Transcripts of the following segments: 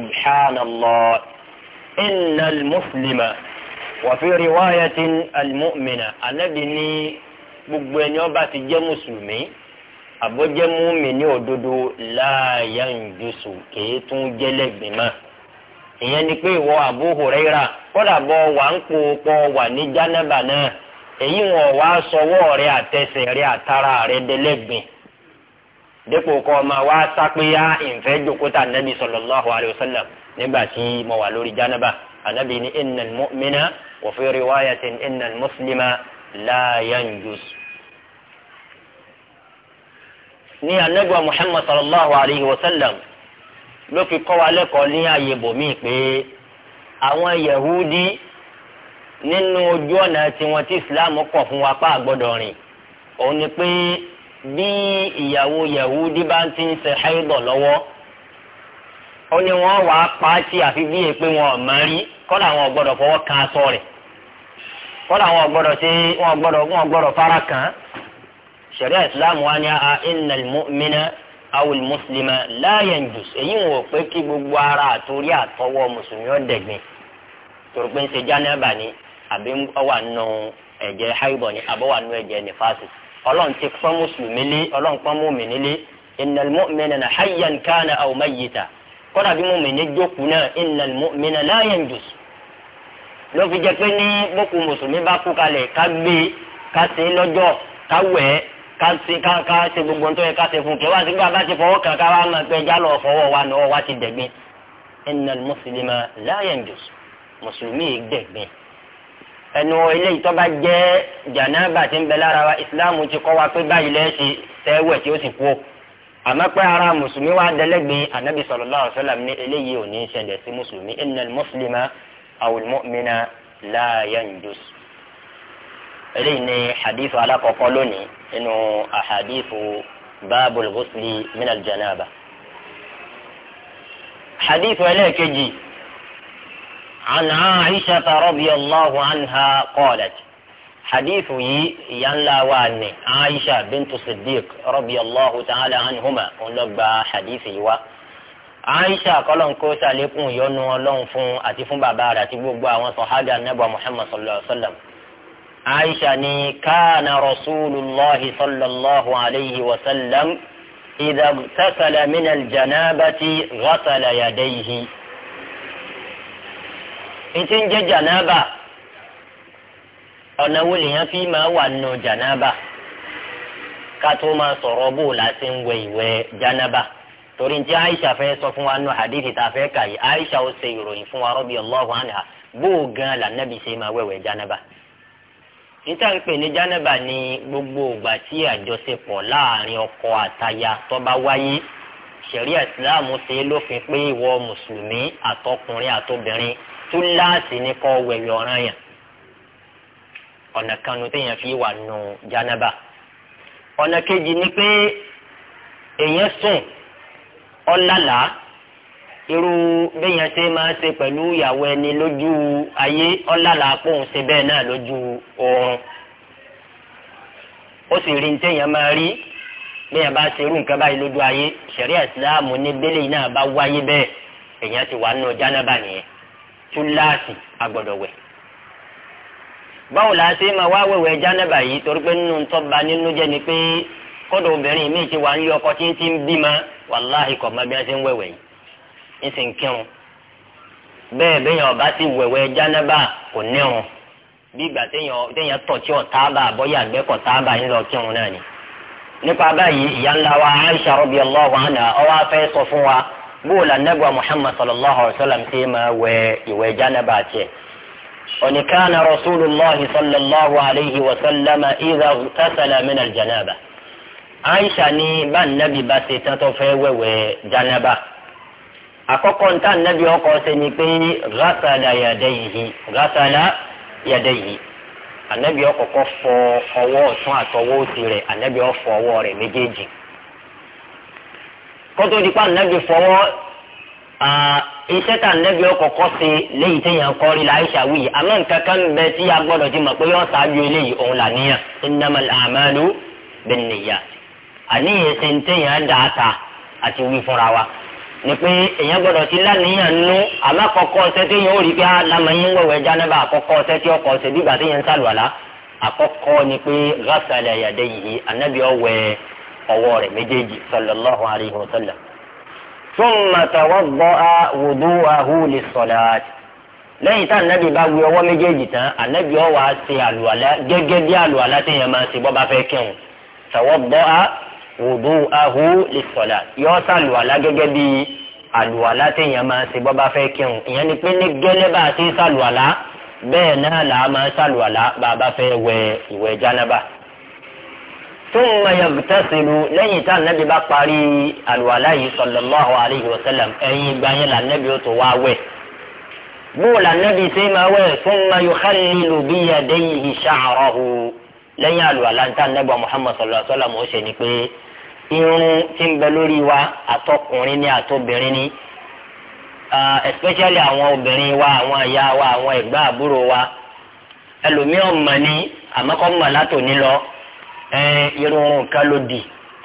سبحان الله إن المسلم وفي رواية المؤمن النبي ní gbogbo ẹni ó bá ti jẹ́ mùsùlùmí àbọ̀jẹ́ múmi ní òdodo láàyà ìjọsọ kìí tún jẹ́lẹ̀gbìn mọ́ ìyẹn ni pé ìwọ Abu Huraira kọ́dà bọ́ wà ń po pọ̀ wà ní jánàbà náà èyí wọn wá sọwọ́ rẹ àtẹsẹ̀ rẹ àtara rẹ dẹlẹ́gbìn dépò kọ́ ọmọ wa sápéyà ìfẹ́ jòkóta nàbì sallallahu alayhi wa sallam nígbà tí mo wà lórí jánaba anabi ni innal mu'mina wa fi riwayatin innal muslima la yanjus. ní anagba muhammad sallallahu alayhi wa sallam ló fi kọ́ wa lẹ́kọ̀ọ́ ní ààyè bòmí pé àwọn yahudi nínú ojú ọ̀nà tiwọn tí islam kọ̀ fún wa pa àgbọ́dọ̀ rìn òun ni pé bí ìyàwó yahudi bá ti ń ṣe haidọ̀ lọ́wọ́ ó ní wọ́n wàá pa á tí àfi bí èpè wọn ò mọ̀ rí kọ́dà wọn ò gbọ́dọ̀ fọwọ́ kan aṣọ rẹ̀ kọ́dà wọn ò gbọ́dọ̀ ṣe wọn ò gbọ́dọ̀ wọn ò gbọ́dọ̀ fara kàn án sẹ̀ríà ìsìláàmù wa ni a innal mu'mina awul muslima la yanjus èyí wọn ò pé kí gbogbo ara àtòrí àtọwọ́ mùsùlùmí ọ̀dẹ̀gbìn torí pé ń ṣe jánábà ni àbí ọwà nù ẹ̀jẹ̀ haibọ̀ ni àbọ̀wà nù ẹ̀jẹ̀ nífàsì ọlọ́run ti pọ́n mùsùlùmí lé ọlọ́run pọ́n mùmìnì lé innal mu'mina hayyan kana aw mayyita kọ́dà bí mùmìnì jókòó náà innal mu'mina la yanjus ló fi jẹ́ pé ní bókun mùsùlùmí bá kú kalẹ̀ ká gbé ká ṣe lọ́jọ́ ká wẹ̀ ká ṣe ká ká ṣe gbogbo ntọ́ yẹ ká ṣe fún kẹwàá sígbà bá ti fọwọ́ kàn ká wá máa pẹ́ jálọ̀ fọwọ́ wa náà wá ti dẹ̀gbin innal muslima la yanjus mùsùlùmí yìí ẹnu eléyìí tó bá jẹ́ jànáàbà tí ń bẹ lára wa ìsìláàmù ti kọ́ wa pé báyìí lẹ́sìn tẹ́wẹ̀ tí ó sì kú àmọ́ pé ara mùsùlùmí wa dẹ́lẹ́gbẹ̀ẹ́ anabi sallallahu alaihi wasallam ní eléyìí ò ní í ṣẹlẹ̀ sí mùsùlùmí innal muslima awul mu'mina la yanjus. eléyìí ni hadith alákọ̀ọ́kọ́ lónìí nínú ahadithu babul ghusli minal janaba. hadith ẹlẹ́ẹ̀kejì. عن عائشة رضي الله عنها قالت حديث ينلا واني عائشة بنت صديق رضي الله تعالى عنهما ونبا حديثي و عائشة قالون كوسا لكم يونو لون فون أتفون بابارة تبوبوا وصحابة النبي محمد صلى الله عليه وسلم عائشة ني كان رسول الله صلى الله عليه وسلم إذا اغتسل من الجنابة غسل يديه ntí ń nje janaba ọ̀nà wo lèèyàn fi máa wà nù janaba ká tó máa sọ̀rọ̀ bó la ń wẹ ìwẹ̀ Aisha fẹ́ sọ fún wa nù hadithi ta fẹ́ kà yìí Aisha ó ṣe ìròyìn fún wa radiyallahu gan la nàbì ṣe máa wẹ̀wẹ̀ jànáàbà níta ń pè ní janaba gbogbo tí àjọṣepọ̀ láàrin ọkọ àtaya wáyé ṣe lófin pé ìwọ mùsùlùmí àtọkùnrin túláàsì ni kó wẹ̀wẹ̀ ọ̀ràn yẹn ọ̀nà kanu téèyàn fi wà nù jánábà ọ̀nà kejì ni pé èèyàn sùn ọ̀làlà irú béèyàn ṣe máa ṣe pẹ̀lú ìyàwó ẹni lójú ayé ọ̀làlà pòun ṣe bẹ́ẹ̀ náà lójú oorun ó sì rí téèyàn máa rí béèyàn bá ṣe irú nǹkan báyìí lójú ayé ṣẹ̀ríà ìsìláàmù ní bẹ́lẹ̀ náà bá wáyé bẹ́ẹ̀ èèyàn ti wà nù jánábà nìyẹn tulaasi agbọ́dọ̀ wẹ̀ báwo la ṣe máa wá wẹ̀wẹ̀ jánẹ́bà yìí torí pé nínú tọ́ba nínú jẹ́ ni pé kọ́dọ̀ obìnrin mi ti wà ń yọ ọkọ tí ń ti ń bímọ wàláhì kọ̀ máa bí wọ́n ṣe ń wẹ̀wẹ̀ yìí ń sì ọba ti wẹ̀wẹ̀ jánẹ́bà kò nírun bí ìgbà téèyàn tọ̀ tí ọ̀tá bá bọ́yà àgbẹ̀kọ̀ ń lọ kírun náà ni nípa báyìí wa Aisha bóòlù anagba muhammad sallallahu alayhi wa sallam ṣe máa wẹ ìwẹ̀ jánaba tiẹ̀. وإن كان رسول الله صلى الله عليه وسلم إذا اغتسل من الجنابة عائشة ni bá nàbì bá ṣe tán tó fẹ́ wẹ̀wẹ̀ janaba àkọ́kọ́ ń tà nàbì ọkọ ṣe ni pé ghasala yadayhi ghasala yadayhi ànàbì ọkọ kọ fọ ọwọ́ ọ̀tún àtọwọ́ òsì rẹ̀ ànàbì ó fọ ọwọ́ rẹ̀ méjèèjì kótó di pa ànábì fọwọ́ iṣẹ́ tá ànábì ọkọ̀ọ̀kọ́ ṣe léyìí téèyàn kọ́ rí la Aisha wí àmọ́ nǹkan kan bẹ tí a gbọ́dọ̀ ti mọ̀ pé yọ ṣáájú eléyìí òun là níyà innamal a'malu binniyat àníyàn ṣe ń téèyàn dà á ta àti wí fúnra wa ni pé èèyàn gbọ́dọ̀ ti lánìyàn nú alákọ̀ọ́kọ́ ọ̀sẹ̀ téèyàn ó rí pé alámọ̀yín ah, wẹ̀wẹ̀ jánábà àkọ́kọ́ ọ̀sẹ̀ tí ọkọ̀ ọ̀sẹ̀ bí ìgbà téèyàn ń sàlùwàlá àkọ́kọ́ ni pé ghasala yadayhi ànábì ọ̀wẹ̀ ọwọ́ rẹ̀ méjèèjì sallallahu alayhi wa sallam. thumma tawadda'a wudu'ahu lis-salati lẹ́yìn tá ànábì bá wí ọwọ́ méjèèjì tán ànábì ó wá ṣe àlùwàlá gẹ́gẹ́ bí àlùwàlá téèyàn máa ṣe bọ́ bá fẹ́ kírun tawadda'a wudu'ahu lis-salati yóò ṣàlùwàlá gẹ́gẹ́ bí àlùwàlá téèyàn máa ṣe bọ́ bá fẹ́ kírun ìyẹn ni pé ní gẹ́lẹ́ bá a ṣe ṣàlùwàlá bẹ́ẹ̀ náà là máa ṣàlùwàlá bá a bá fẹ́ wẹ ìwẹ̀ jánábà. ثم يغتسل لين تان النبي بقاري الولاي صلى الله عليه وسلم أي بين النبي تواوي بول النبي سيما ثم يخلل بيديه شعره lẹ́yìn àlùwàlá níta nẹ́gbà muhammad sallallahu alayhi wa sallam ó ṣe ni pé irun tí ń bẹ lórí wa àtọkùnrin ni àtobìnrin ni especially àwọn obìnrin wa àwọn ìyá wa àwọn ẹ̀gbọ́n àbúrò wa ẹlòmíràn mọ̀ ni àmọ́kọ́ mọ̀ látòní lọ Eh, irun kan ló di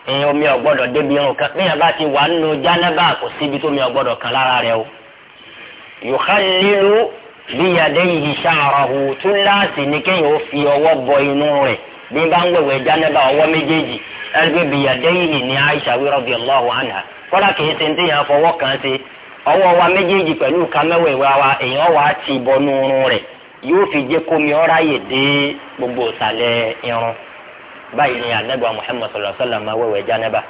eh, omi ọ̀gbọ́dọ̀ débi irun kan bí yẹn bá ti wà nínú jánábà kò síbi tó mi ọ̀gbọ́dọ̀ kan lára rẹ o yòókàlílù bíyàdé yìí ṣàràhù túláàsì n'ike kéèyàn ó fi ọwọ́ bọ inú rẹ̀ bí bá ń wẹ̀wẹ̀ jánábà ọwọ́ méjèèjì ẹgbẹ́ bíyàdé yìí ni Aisha radiyallahu anha kọ́lá kìí ṣe ní téèyàn kan ṣe ọwọ́ wa méjèèjì pẹ̀lú wa báyìí ni anagba muhammad sallallahu alaihi wa sallam máa wẹ̀wẹ̀ jánaba.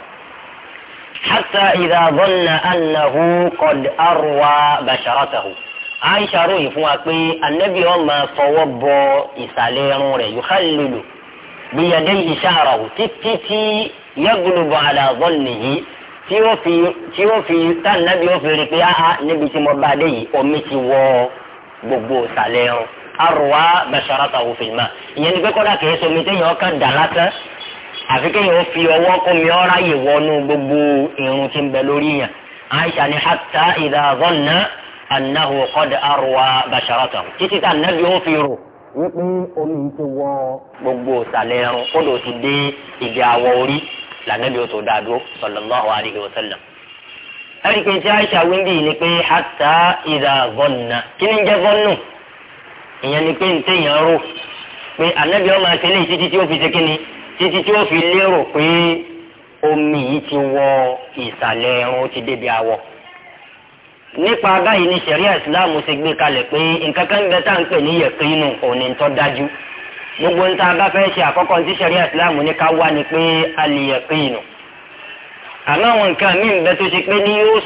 hatta idha dhanna annahu qad arwa basharatahu. aisha ròyìn fún wa pé anabi wọn máa fọwọ́ bọ ìsàlẹ̀ irun rẹ̀ yukhalilu biyadayhi sha'rahu títí tí yaglubu ala dhannihi tí ó fi tí ó fi tánàbí ó fi rí pé áá níbi tí mo bá dé yìí omi ti wọ gbogbo ìsàlẹ̀ irun arwa basharata òfin ma ìyẹn ni pé kọ́dà kìí somi téèyàn kàn dà lásán àfi kéèyàn fi ọwọ́ kó mi ọ́ ráyè wọnú gbogbo irun tí ń bẹ lórí yàn Aisha ni hatta idha zanna annahu qad arwa basharata títí tá nàbí ó fi rò wípé omi ti wọ gbogbo ìsàlẹ̀ ẹrun kódò ti dé ìdí àwọ̀ orí lànàbí ó tó dáa dúró sallallahu alaihi wa tí Aisha wíńdì ni pé hatta idha zanna kí ìyẹn ni pé ntẹ̀yìn aró pé ànábì ọmọ títí tí ó fi ṣe kínni títí tí ó fi lérò pé omi yìí ti wọ ìsàlẹ̀ ẹ̀rùn ti débi awọ. nípa báyìí ni ṣẹ̀ríà ìsìláàmù ṣe gbé kalẹ̀ pé nǹkan kan bẹ tá à ń gbogbo nta bá fẹ́ ṣe àkọ́kọ́ ìsìláàmù ní ká wá ni pé a lè yẹ̀kínù àmọ́ àwọn nǹkan míì bẹ tó ṣe pé ní yóò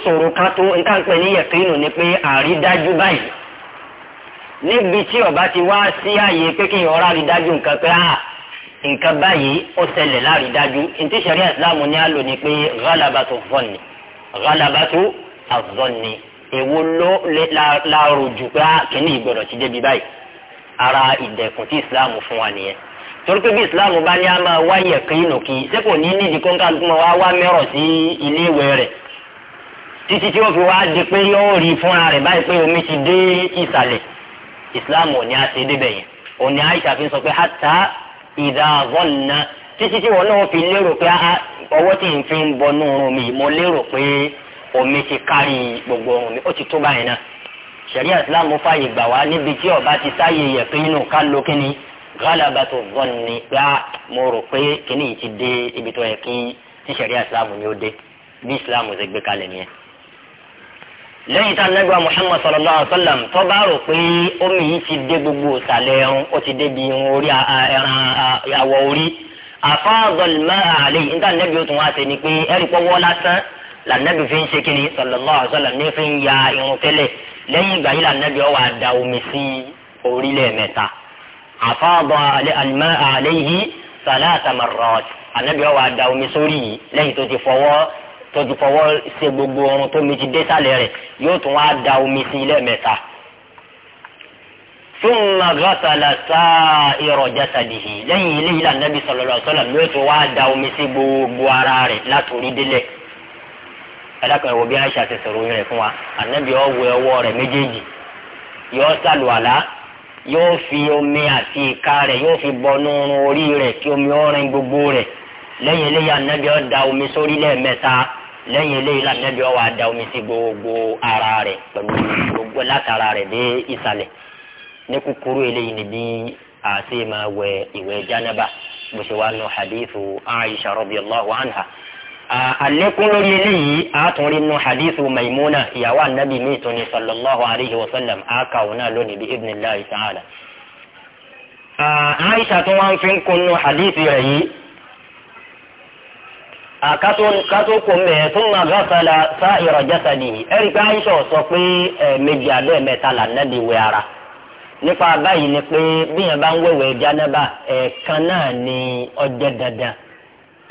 níbi tí ọba ti wá sí àyè pé kí ìhọ́ra rí dájú nǹkan pé ah nǹkan báyìí ó ṣẹlẹ̀ láàrí dájú ntí sẹ̀ríà ìsìláàmù ni a lò ní pé ghalabatu zọ́ọ̀nì ghalabatu azọ́ọ̀nì èwo ló láàrò jù pé ah kìíní ìgbọ̀dọ̀ ti débi báyìí ara ìdẹ̀kùn tí ìsìláàmù fún wa nìyẹn torí pé bí ìsìláàmù bá ní a máa wáyẹ̀ kínú kí sẹ́kò ní nídìí kó ń ká gbọ́n wá wá mẹ́rọ̀ sí ilé ìwé rẹ̀ títí tí ó fi wá di pé yóò rí fúnra rẹ̀ báyìí pé omi ti dé ìsàlẹ̀ islam ò ní a ṣe débẹ̀ yẹn ò ní aisha fi sọ pé hata ìdá zọ́nà títí tí wọn náà fi lérò pé ọwọ́ tí n fi ń bọ ní oorun mi mo lérò pé omi ti kárí gbogbo oorun mi ó ti tó báyìí náà sẹ̀ríà islam fààyè gbà wá níbi tí ọba ti sáyè yẹ pé inú ká ló kíni galabatu zọ́nì gbá mo rò pé kíní yìí ti dé ibi tó yẹ kí tí sẹ̀ríà islam ni ó dé bí islam ṣe gbé kalẹ̀ nìyẹn lẹ́yìn tá nẹ́gbà muhammad sallallahu alayhi wa sallam tó bá rò pé omi yìí ti dé gbogbo ìsàlẹ̀ ẹ̀rùn ó ti dé bi irun orí ẹran àwọ̀ orí àfọ́dọ̀lmọ́ àlè níta nẹ́bí ó tún wá sí ni pé ẹ̀rí pọ́wọ́ lásán lànàbí fi ń ṣe kíni sallallahu alayhi wa sallam ní fi ń ya irun tẹ́lẹ̀ lẹ́yìn ìgbà yìí lànàbí ó wá da omi sí orí lẹ́ẹ̀mẹ́ta àfọ́dọ̀ tó ti fọwọ́ ṣe gbogbo ọrùn tó mi ti dé sálẹ̀ rẹ̀ yóò tún wá da omi sí ilé mẹ́ta. thumma ghasala sa'ira jasadihi lẹ́yìn ilé yìí lànàbí sallallahu alaihi wasallam yóò tún wá da omi sí gbogbo ara rẹ̀ látòrí délẹ̀. ẹ̀dàkùn ẹ̀wọ̀ bí aisha ti sọ̀rọ̀ yẹn fún wa ànábì ó wẹ rẹ̀ méjèèjì yóò sàlùwàlá yóò fi omi àti ìka rẹ̀ yóò fi bọnú orí rẹ̀ kí omi ó gbogbo rẹ̀ lẹ́yìn eléyà ànábì ó lẹ́yìn eléyìí lànàbí ọwọ́ àdá omi sí gbogbo ara rẹ̀ pẹ̀lú gbogbo látara rẹ̀ dé ìsàlẹ̀ ní kúkúrú eléyìí ni bí àti máa wẹ ìwẹ̀ jánábà bó ṣe wà nù hadithu aisha radiyallahu anha àlékún lórí eléyìí àtún rí nù hadithu maimuna ìyàwó ànábì mi tó ní sallallahu alayhi wa sallam àkàwọn náà lónìí bí ibnillahi ta'ala. aisha tó wá ń fi ń kún nù hadithi yìí àkátó kátó kò mẹ tó ma gáfàlà sá ìrọ̀jẹ́sà nìyí ẹ̀rí pé aisha sọ pé ẹ̀ẹ̀mejì abẹ́ mẹ́ta là nẹ́bi wẹ̀ ara nípa báyìí ni pé bíyẹn bá ń wẹ̀wẹ̀ jánábà ẹ̀ẹ̀kan náà ni ọjẹ́ dandan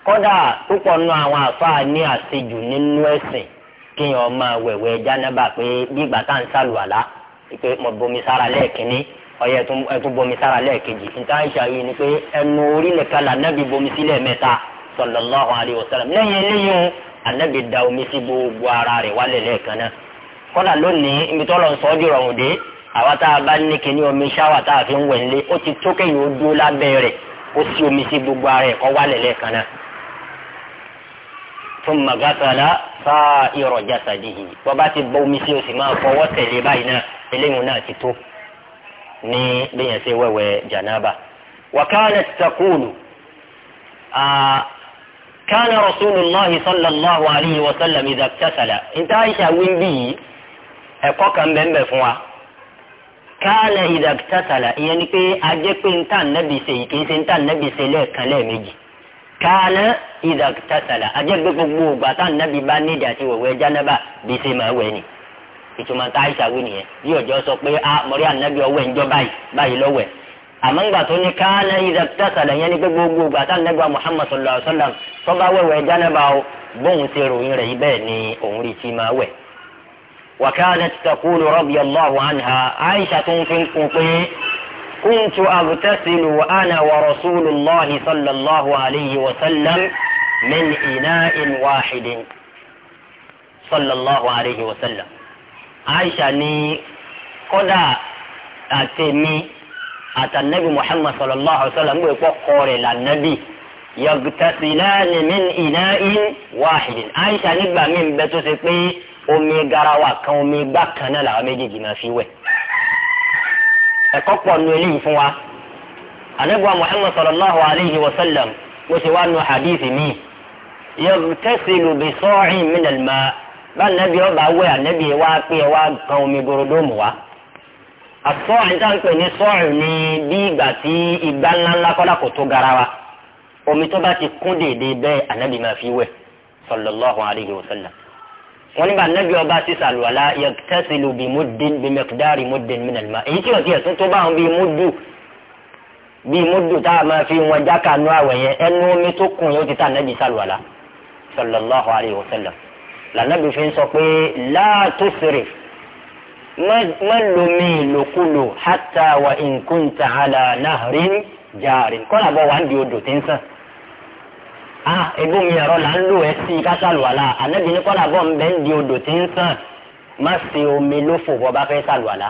kódà púpọ̀ nù àwọn àfáà ní àṣejù nínú ẹ̀sìn kéèyàn máa wẹ̀wẹ̀ jánábà pé bí ìgbà tá à ń sàlùwàlá pé mo bomi sára lẹ́ẹ̀kínní ọyẹ ẹtún bomi sára lẹ́ẹ̀kejì nǹkan aisha yìí ni pé ẹnu orí nìkan là nẹ́bi bomi sílẹ̀ sallallahu alayhi wa sallam lẹ́yìn eléyìí anabi da omi sí gbogbo ara rẹ̀ wálẹ̀ lẹ́ẹ̀kan náà kọ́dà lónìí ibi tọ́lọ̀ ń sọ ọ́ dìrọ̀ òde àwa tá a bá ní kíní omi ṣáwà tá a fi ń wẹ̀ nílé ó ti tó kéyìn ó dúró lábẹ́ rẹ̀ ó sí omi sí gbogbo ara rẹ̀ kó wálẹ̀ lẹ́ẹ̀kan náà thumma ghasala sa'ira jasadihi bọ́ bá ti bọ́ omi sí o máa fọwọ́ tẹ̀lé báyìí náà eléyìí náà ti tó ní bíyẹn wẹ̀wẹ̀ jànáàbà كان رسول الله صلى الله عليه وسلم إذا اغتسل انت عايشة وين بي ẹ̀kọ́ kan bẹ́ẹ̀ fún wa káàlẹ̀ ìdàgbàsálà ìyẹn ni pé ajẹ́ pé ń tàn nẹ́bi ṣe yìí kì í ṣe ń tàn nẹ́bi ṣe lẹ́ẹ̀kan lẹ́ẹ̀mejì káàlẹ̀ ìdàgbàsálà ajẹ́ pé gbogbo ògbà tàn nẹ́bi bá nídìí àti wẹ̀wẹ̀ jánábà bí ṣe máa wẹ̀ ni ìtumọ̀ tá àìsàwé nìyẹn bí ọjọ́ sọ pé a mọ̀rí ànábì ọwọ́ ẹ̀ ń jọ báyìí báyìí lọ́wẹ̀ àmọ́ ńgbà tó ní káàlẹ́ ìdàtàsàlẹ̀ yẹn ní pé gbogbo ìgbà tá nẹ́gbà Muhammad sallallahu alayhi wa sallam tó bá wẹ̀wẹ̀ jánaba o bóun ti ròyìn rẹ̀ yìí bẹ́ẹ̀ ni òun rí ti máa wẹ̀. wa kanat taqulu radiyallahu anha Aisha tó ń fi ń kún pé kuntu agtasilu wa ana wa rasulullahi sallallahu alayhi wa sallam min ina'in wahidin sallallahu alayhi wa sallam. Aisha ní kódà àtẹ̀mí àtànẹ́bí muhammad sallallahu alayhi wa sallam gbé pọ̀ kọ́ rẹ̀ lànàbí yagtasilani min ina'in wahidin aisha nígbà míì bẹ tó ṣe pé omi garawa kan omi gbá kan náà làwọn méjèèjì máa fi wẹ̀ ẹ̀kọ́ pọ̀ nu eléyìí fún wa ànábì wa muhammad sallallahu alayhi wa sallam mo ṣe wá nu hadith mi yagtasilu bisa'in min al bá ànábì ọba wẹ̀ ànábì wa pé ẹ wá omi gorodomu wa àtọ́ àìsànpẹ̀ ní sọ́ọ̀rù ni bí ìgbà tí ìgbà ńláńlá kọ́lá kò tó garawa omi tó bá ti kún dèdè bẹ́ẹ̀ ànábì máa fi wẹ̀ sallallahu alayhi wa sallam wọn nígbà ànábì ọba ti sàlùwàlá yagtasilu bi muddin bi miqdari muddin min al-ma' èyí tí o ti tó bá wọn bí muddu bí muddu tá a máa fi wọn jáka nú àwẹ̀ yẹn ẹnu omi tó kún yóò ti ta ànábì sàlùwàlá sallallahu má lomi ìlòkulò hátà wà nkúntà àlà náhàrín jàrin kọ́lá bọ́ wà ń di odò tí ń sàn. a ebú mi ẹ̀rọ là ń lò ẹ́ sí kásálùwàlà ànábì ní kọ́lá bọ́ ń bẹ́ ń di odò tí ń sàn má se omi lófò bọ́ bá fẹ́ sálùwàlà.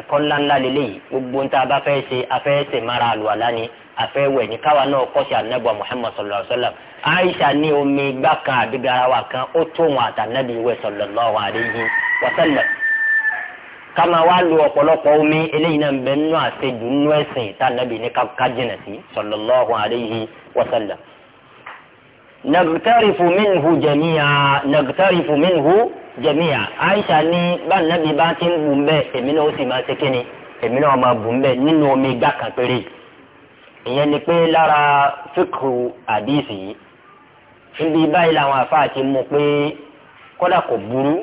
ẹ̀kọ́ ńláńlá lélẹ́yìí gbogbo ń ta bá fẹ́ ṣe afẹ́ ṣe mara àlùwàlà ni afẹ́ wẹ̀ ní káwa náà kọ́sí ànábì muhammad sallallahu alayhi wa sallam aisha ní omi gbá kan àbí kan ó tó wọn àtànábì wẹ̀ sallallahu alayhi wasallam kama wa lu ọ̀pọ̀lọpọ̀ omi eléyìí náà bẹ nínú àṣejù nínú ẹ̀sìn tá nàbì ní kájìnà sí sallallahu alayhi wa sallam. nàgùtàrífù minhu jẹ̀míyà nàgùtàrífù minhu jẹ̀míyà Aisha ní bá nàbì bá ti ń bù ń bẹ́ẹ̀ èmi náà ó sì máa ṣe kíni èmi náà máa bù ń nínú omi gbà péré. ìyẹn ni pé lára fíkù àdìsí níbi báyìí làwọn àfáà mú pé kódà kò burú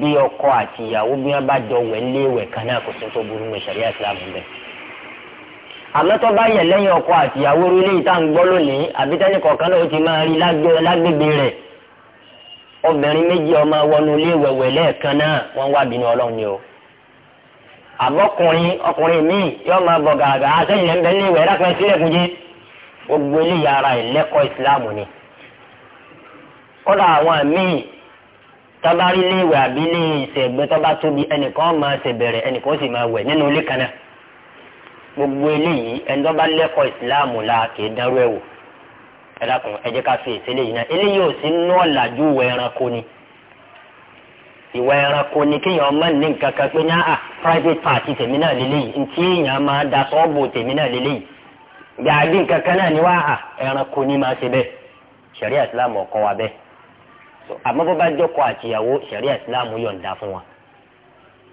bí ọkọ àti ìyàwó bí wọn bá jọ wẹ̀ léwẹ̀ kan náà kò sí tó burú mọ́ lẹ́yìn ọkọ àti ìyàwó lónìí náà ó ti máa rí lágbègbè rẹ̀ obìnrin méjì ọmọ wọnú náà wọ́n wá bínú ni o. àbọ̀kùnrin ọkùnrin mi yóò máa bọ gàgà àtẹ̀yìn ẹ̀ ń bẹ léwẹ̀ ẹ̀ tọ́ba rí ilé ìwẹ̀ àbí ilé ìṣẹ̀gbẹ́ tọ́ba tóbi ẹnìkan máa ṣe bẹ̀rẹ̀ ẹnìkan ó sì máa wẹ̀ nínú ilé kan náà gbogbo eléyìí ẹni tọ́ba lẹ́kọ̀ọ́ ìsìláàmù la kì í dárú ẹ̀ wò ẹ dákun ẹ jẹ́ ká fi èsì eléyìí náà eléyìí ò sí nú ọ̀làjú ìwà ẹranko ni ìwà ẹranko ni kéèyàn ọmọ ní nǹkan kan pé ní à private party tèmi náà lélẹ́yìí ntí èèyàn máa da sọ́ọ̀bù tèmi náà lélẹ́yìí gbàgbé nǹkan kan náà ni wá à ẹranko ni máa ṣe bẹ́ẹ̀ ṣẹ̀ríà ìsìláàmù ọ̀kọ́ wa bẹ́ẹ̀ àmọ́ bó bá jọkọ àtìyàwó sẹ̀ríà islam yọ̀ǹda fún wa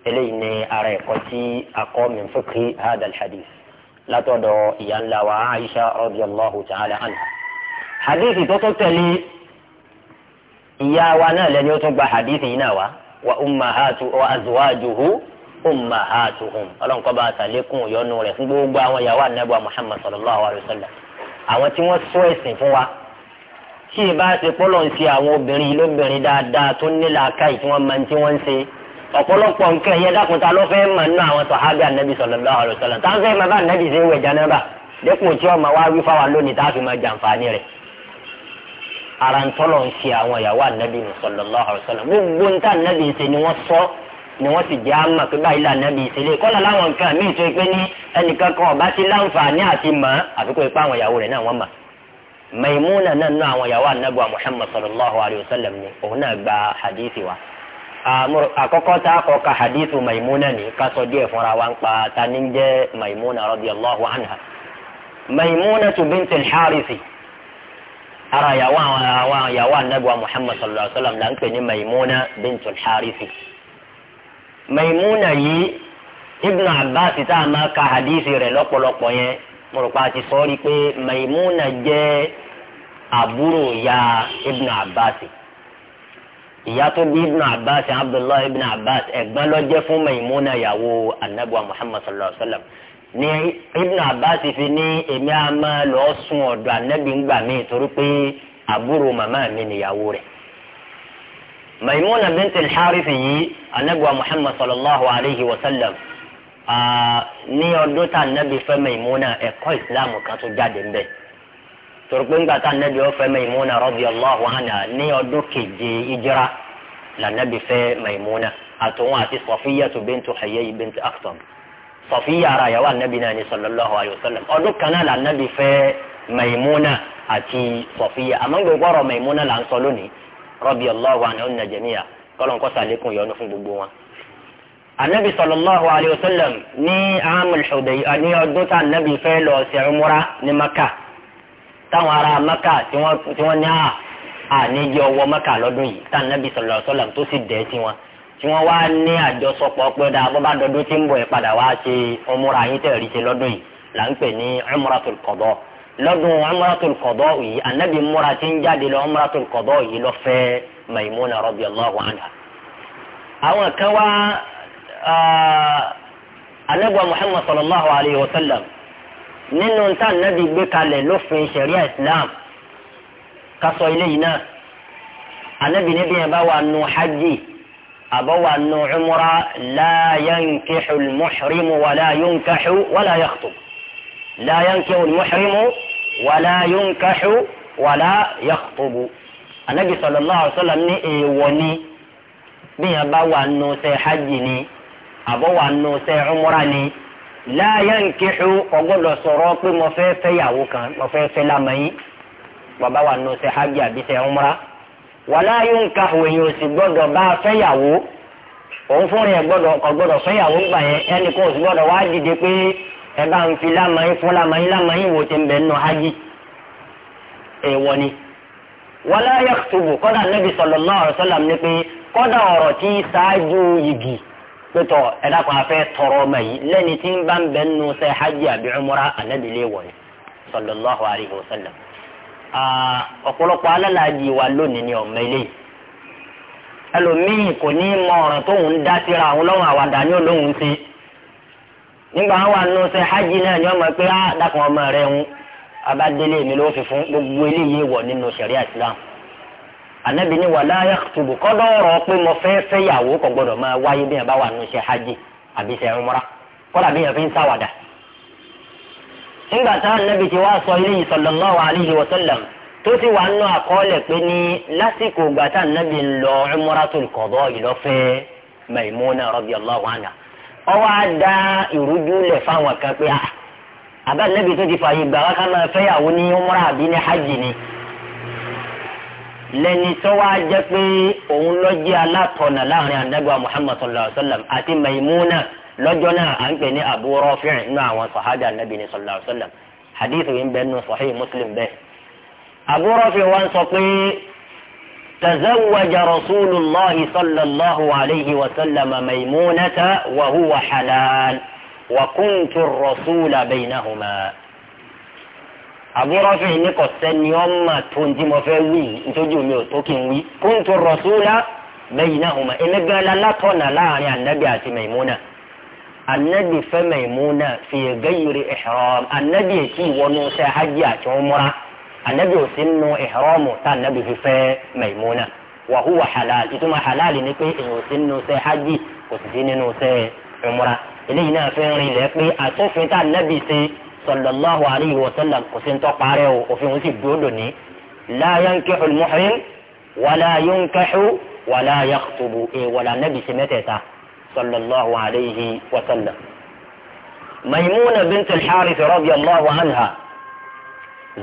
eléyìí ni ara ẹ̀kọ́ tí a kọ́ min fukri hadal hadith látọ̀dọ̀ ìyá ńlá wa aisha radiyallahu ta'ala anha hadith tó tó tẹ̀lé ìyá wa náà lẹ́ni ó tún gba hadith yìí náà wá wa ummahatu wa azwajuhu ummahatuhum ọlọ́nkọ́ bá sàlékún ìyọnu rẹ̀ fún gbogbo àwọn ìyàwó ànábì muhammad sallallahu alayhi wa sallam àwọn tí wọ́n sọ ẹ̀sìn fún wa tí ìbá ṣe pọ́lọ̀ ń ṣe àwọn obìnrin yìí lóbìnrin dáadáa tó nílà káyì tí wọ́n máa ń tí wọ́n ń ṣe ọ̀pọ̀lọpọ̀ nǹkan ẹ̀yẹ dákun ló fẹ́ mọ̀ nínú àwọn sàhábì ànábì sallallahu alaihi wasallam tá ń fẹ́ máa bá ànábì ṣe wẹ̀ jánábà dẹ́kun tí ọmọ wa wí fáwa lónìí tá a fi máa jàǹfààní rẹ̀ ara ń tọ́lọ̀ ń ṣe àwọn ìyàwó ànábì sallallahu alaihi wasallam gbogbo ń tà ànábì ṣe ni wọ́n sọ ni wọ́n sì jẹ́ àmà pé báyìí lànàbì ìṣẹ̀lẹ̀ kọ́lá láwọn nǹkan míì tó pé ní ẹnìkan kan ọ̀bá ti láǹfààní àti mọ̀ àfikún ipá àwọn ìyàwó rẹ̀ náà wọ́n mọ̀ maimuna náà nínú àwọn ìyàwó anagba muhammad sallallahu alayhi wa sallam ni òun náà gba hadithi wa àkọ́kọ́ tá a kọ́ ka hadithu maimuna ni ká sọ díẹ̀ fúnra wa ń pa ta ní jẹ́ maimuna radiyallahu anha maimuna tu binti al-harisi ara ìyàwó àwọn ìyàwó anagba muhammad sallallahu alayhi wa sallam là ń maimuna binti al-harisi maimuna yìí ibnu abbas tá a ka hadithi rẹ̀ lọ́pọ̀lọpọ̀ yẹn mo rò pé a ti sọ ọ́ rí i pé Maimuna jẹ́ àbúrò ìyá Ibn Abbas ìyá tó bí Ibn Abbas Abdullahi Ibn Abbas ẹ̀gbọ́n ló jẹ́ fún Maimuna ìyàwó anabuwa Muhammad sallallahu alayhi wa sallam ní Ibn Abbas fi ní èmi a máa lọ sùn ọ̀dọ̀ anabi ńgbà mi torí pé àbúrò màmá mi nìyàwó rẹ̀. Maimuna bint al-Harith yìí Muhammad sallallahu alayhi wa sallam ní ọdún tá nẹ́bí fẹ́ Maimuna ẹ̀kọ́ ìsìláàmù kan tó jáde ń bẹ̀ torí pé ńgbà tá nẹ́bí ó fẹ́ Maimuna radiyallahu anha ní ọdún keje ìjìra là nẹ́bí fẹ́ Maimuna àtòun àti Safiyyatu bintu Huyay bint Akhtab Safiyya ara yàwó ànẹ́bí náà ní sallallahu alayhi wa ọdún kan náà là nẹ́bí fẹ́ Maimuna àti Safiyya àmọ́ ń anabi sallallahu alayhi wa sallam ní amul Hudaybiya ní ọdún tá anabi fẹ́ lọ sí umura ní maka táwọn ará maka tí wọ́n ní ah, a àníjẹ ọwọ́ maka lọ́dún yìí tá anabi sallallahu alayhi wa sallam tó sì dẹ́ sí wọn tí wọ́n wá ní àjọsọpọ̀ pé dáa bó bá dọdún tí ń bọ̀ ẹ̀ padà wá ṣe umura yín tẹ̀ rí ṣe lọ́dún yìí là ń pè ní umratul qada lọ́dún umratul qada yìí anabi múra tí ń jáde lọ umratul qada yìí lọ fẹ́ Maimuna radiyallahu anha àwọn kan wá anagba muhammad sallallahu alayhi wa sallam nínú tá nàbí gbé kalẹ̀ lófin sharia islam kasọ eléyìí náà anabi níbi yẹn bá wà nù hajj àbá wà nù umra la yankihu al-muhrimu wala yunkahu wala yakhtub la yankihu al-muhrimu wala yunkahu wala yakhtubu anabi sallallahu alayhi wa sallam ní èèwọ̀ ni bí yẹn bá wà nù sẹ́ ni àbọ̀wà nù sẹ́ ọmọra ni láàyè nkìhù ọgbọ́dọ̀ sọ̀rọ̀ pé mo fẹ́ fẹ́ yàwó kan mo fẹ́ fẹ́ lamẹ́yìn bàbá wa nù sẹ́ hajj àbí sẹ́ ọmọra wàláyé nkàhù èyàn sì gbọ́dọ̀ bá fẹ́ yàwó òun fún rẹ̀ gbọ́dọ̀ kò gbọ́dọ̀ fẹ́ yàwó gbà yẹn ẹnì kan sì gbọ́dọ̀ wá dìde pé ẹ bá ń fi lamẹ́yìn fún lamẹ́yìn lamẹ́yìn wò ti bẹ̀ nù hajj èèwọ̀ ni wàláyé kùtùbù kọ́dà kọ́dà ọ̀rọ̀ tí pétọ ẹ̀dá kan afẹ́ tọrọ ọmọ yìí lẹ́ni tí ń bá ń bẹ̀ nù sẹ́ hajj àbí umra ànábì lè wọ̀ ni sallallahu alayhi wa sallam. ọ̀pọ̀lọpọ̀ alálàájì wa lónìí ni ọmọ ilé yìí ẹlòmíì kò ní mọ ọ̀ràn tóun ń dá síra àwọn lọ́wọ́ àwàdà ní olóhùn sí nígbà wà nù sẹ́ hajj náà ni ọmọ pé á dákan ọmọ rẹ̀ ń abádélé mi ló fi fún gbogbo eléyìí wọ̀ nínú sẹ̀ríà islam anabi ni wàlá yàtúbù kọ́dọ̀ ọ̀rọ̀ pé mo fẹ́ fẹ́ yàwó kò gbọdọ̀ máa wáyé bí yẹn bá wà nù ṣe hajj àbí ṣe umra kọ́dà bí yẹn fi ń sáwàdà. nígbà tá anabi ti wá sọ ilé yìí sallallahu alayhi wa sallam tó ti wà nù àkọọ́lẹ̀ pé ní lásìkò ìgbà tá anabi ń lọ umratul ah, tó ti fààyè gbà wá ká máa fẹ́yàwó ní umra àbí ní hajj ni lẹ́ni tó wá jẹ́ pé òun ló jẹ́ alátọ̀nà láàrin anagba muhammad sallallahu alayhi wa sallam àti maimuna lọ́jọ́ náà à ń pè ní abu rafi' nínú àwọn sahaba anabi ni sallallahu alayhi wa sallam hadith yìí ń bẹ nínú sahih muslim bẹ́ẹ̀. abu rafi' wá sọ pé tazawwaja rasulillahi sallallahu alayhi wa sallam maimunata wa halal wa kuntu rasula baynahuma àbúrọ́sùn yìí ní kò sẹ́ni ọmọ tó ń tí mo fẹ́ wí nítorí omi ò tó kí n wí kuntu rasula baynahuma èmi gan la látọ̀nà láàrin ànábì àti Maimuna ànábì fẹ́ Maimuna fi ghayri ihram ànábì èsì ìwọ́nú sẹ́ hajj àti umra ànábì ò sí nù ihramu tá ànábì fi fẹ́ Maimuna wa huwa halal ìtumọ̀ halal ni pé èyàn ò sí nù sẹ́ hajj kò sì sí nínú sẹ́ umra eléyìí náà fẹ́ rìn sallallahu alayhi wa sallam kò sí ń tọ́ parẹ́ o òfin wọn sì dúró lónìí la yankihu al-muhrim wala yunkahu wala yakhtubu ẹ e, wala nabi sí mẹ́tẹ̀ẹ̀ta sallallahu alayhi wa sallam. maimuna bint al-harith radiyallahu anha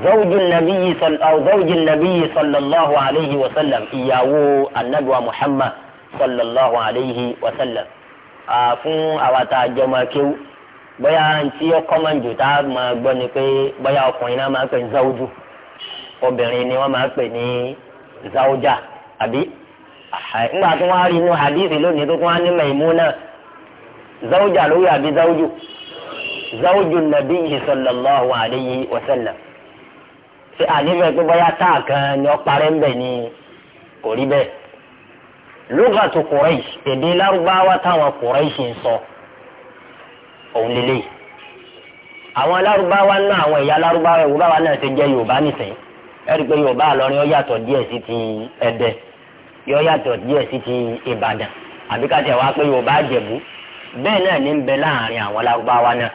zawju nabiyyi aw zawju nabiyyi sallallahu alayhi wa sallam ìyàwó anabiwa muhammad sallallahu alayhi wa sallam. fún àwọn àtàjọmọ bóyá ntí ọkọ máa ń jù tá a máa gbọ́ ni pé bóyá ọkùnrin náà máa ń pè ní záwójú obìnrin ni wọ́n máa ń pè ní záwójà àbí ńgbà tí wọ́n á rí inú hadith lónìí tó tún á ní Maimuna záwójà lórí àbí záwójú záwójú nabiyyi sallallahu alayhi wa sallam ṣe àníbẹ̀ pé bóyá táà kan ni ọ parẹ́ ń bẹ̀ ni kò rí bẹ́ẹ̀ lugatu Quraysh èdè lárúbáwá táwọn Quraysh ń sọ. So òun lélẹ̀ àwọn alárúbáwá náà àwọn ẹ̀yà alárúbáwá ẹ̀wò náà ti jẹ́ yorùbá ẹ̀rí pé yorùbá àlọ́rin ó yàtọ̀ díẹ̀ ti yàtọ̀ díẹ̀ sí ti ìbàdàn àbí ká tẹ̀ wá pé yorùbá àjẹ̀bú bẹ́ẹ̀ náà ní ń bẹ láàrin àwọn alárúbáwá náà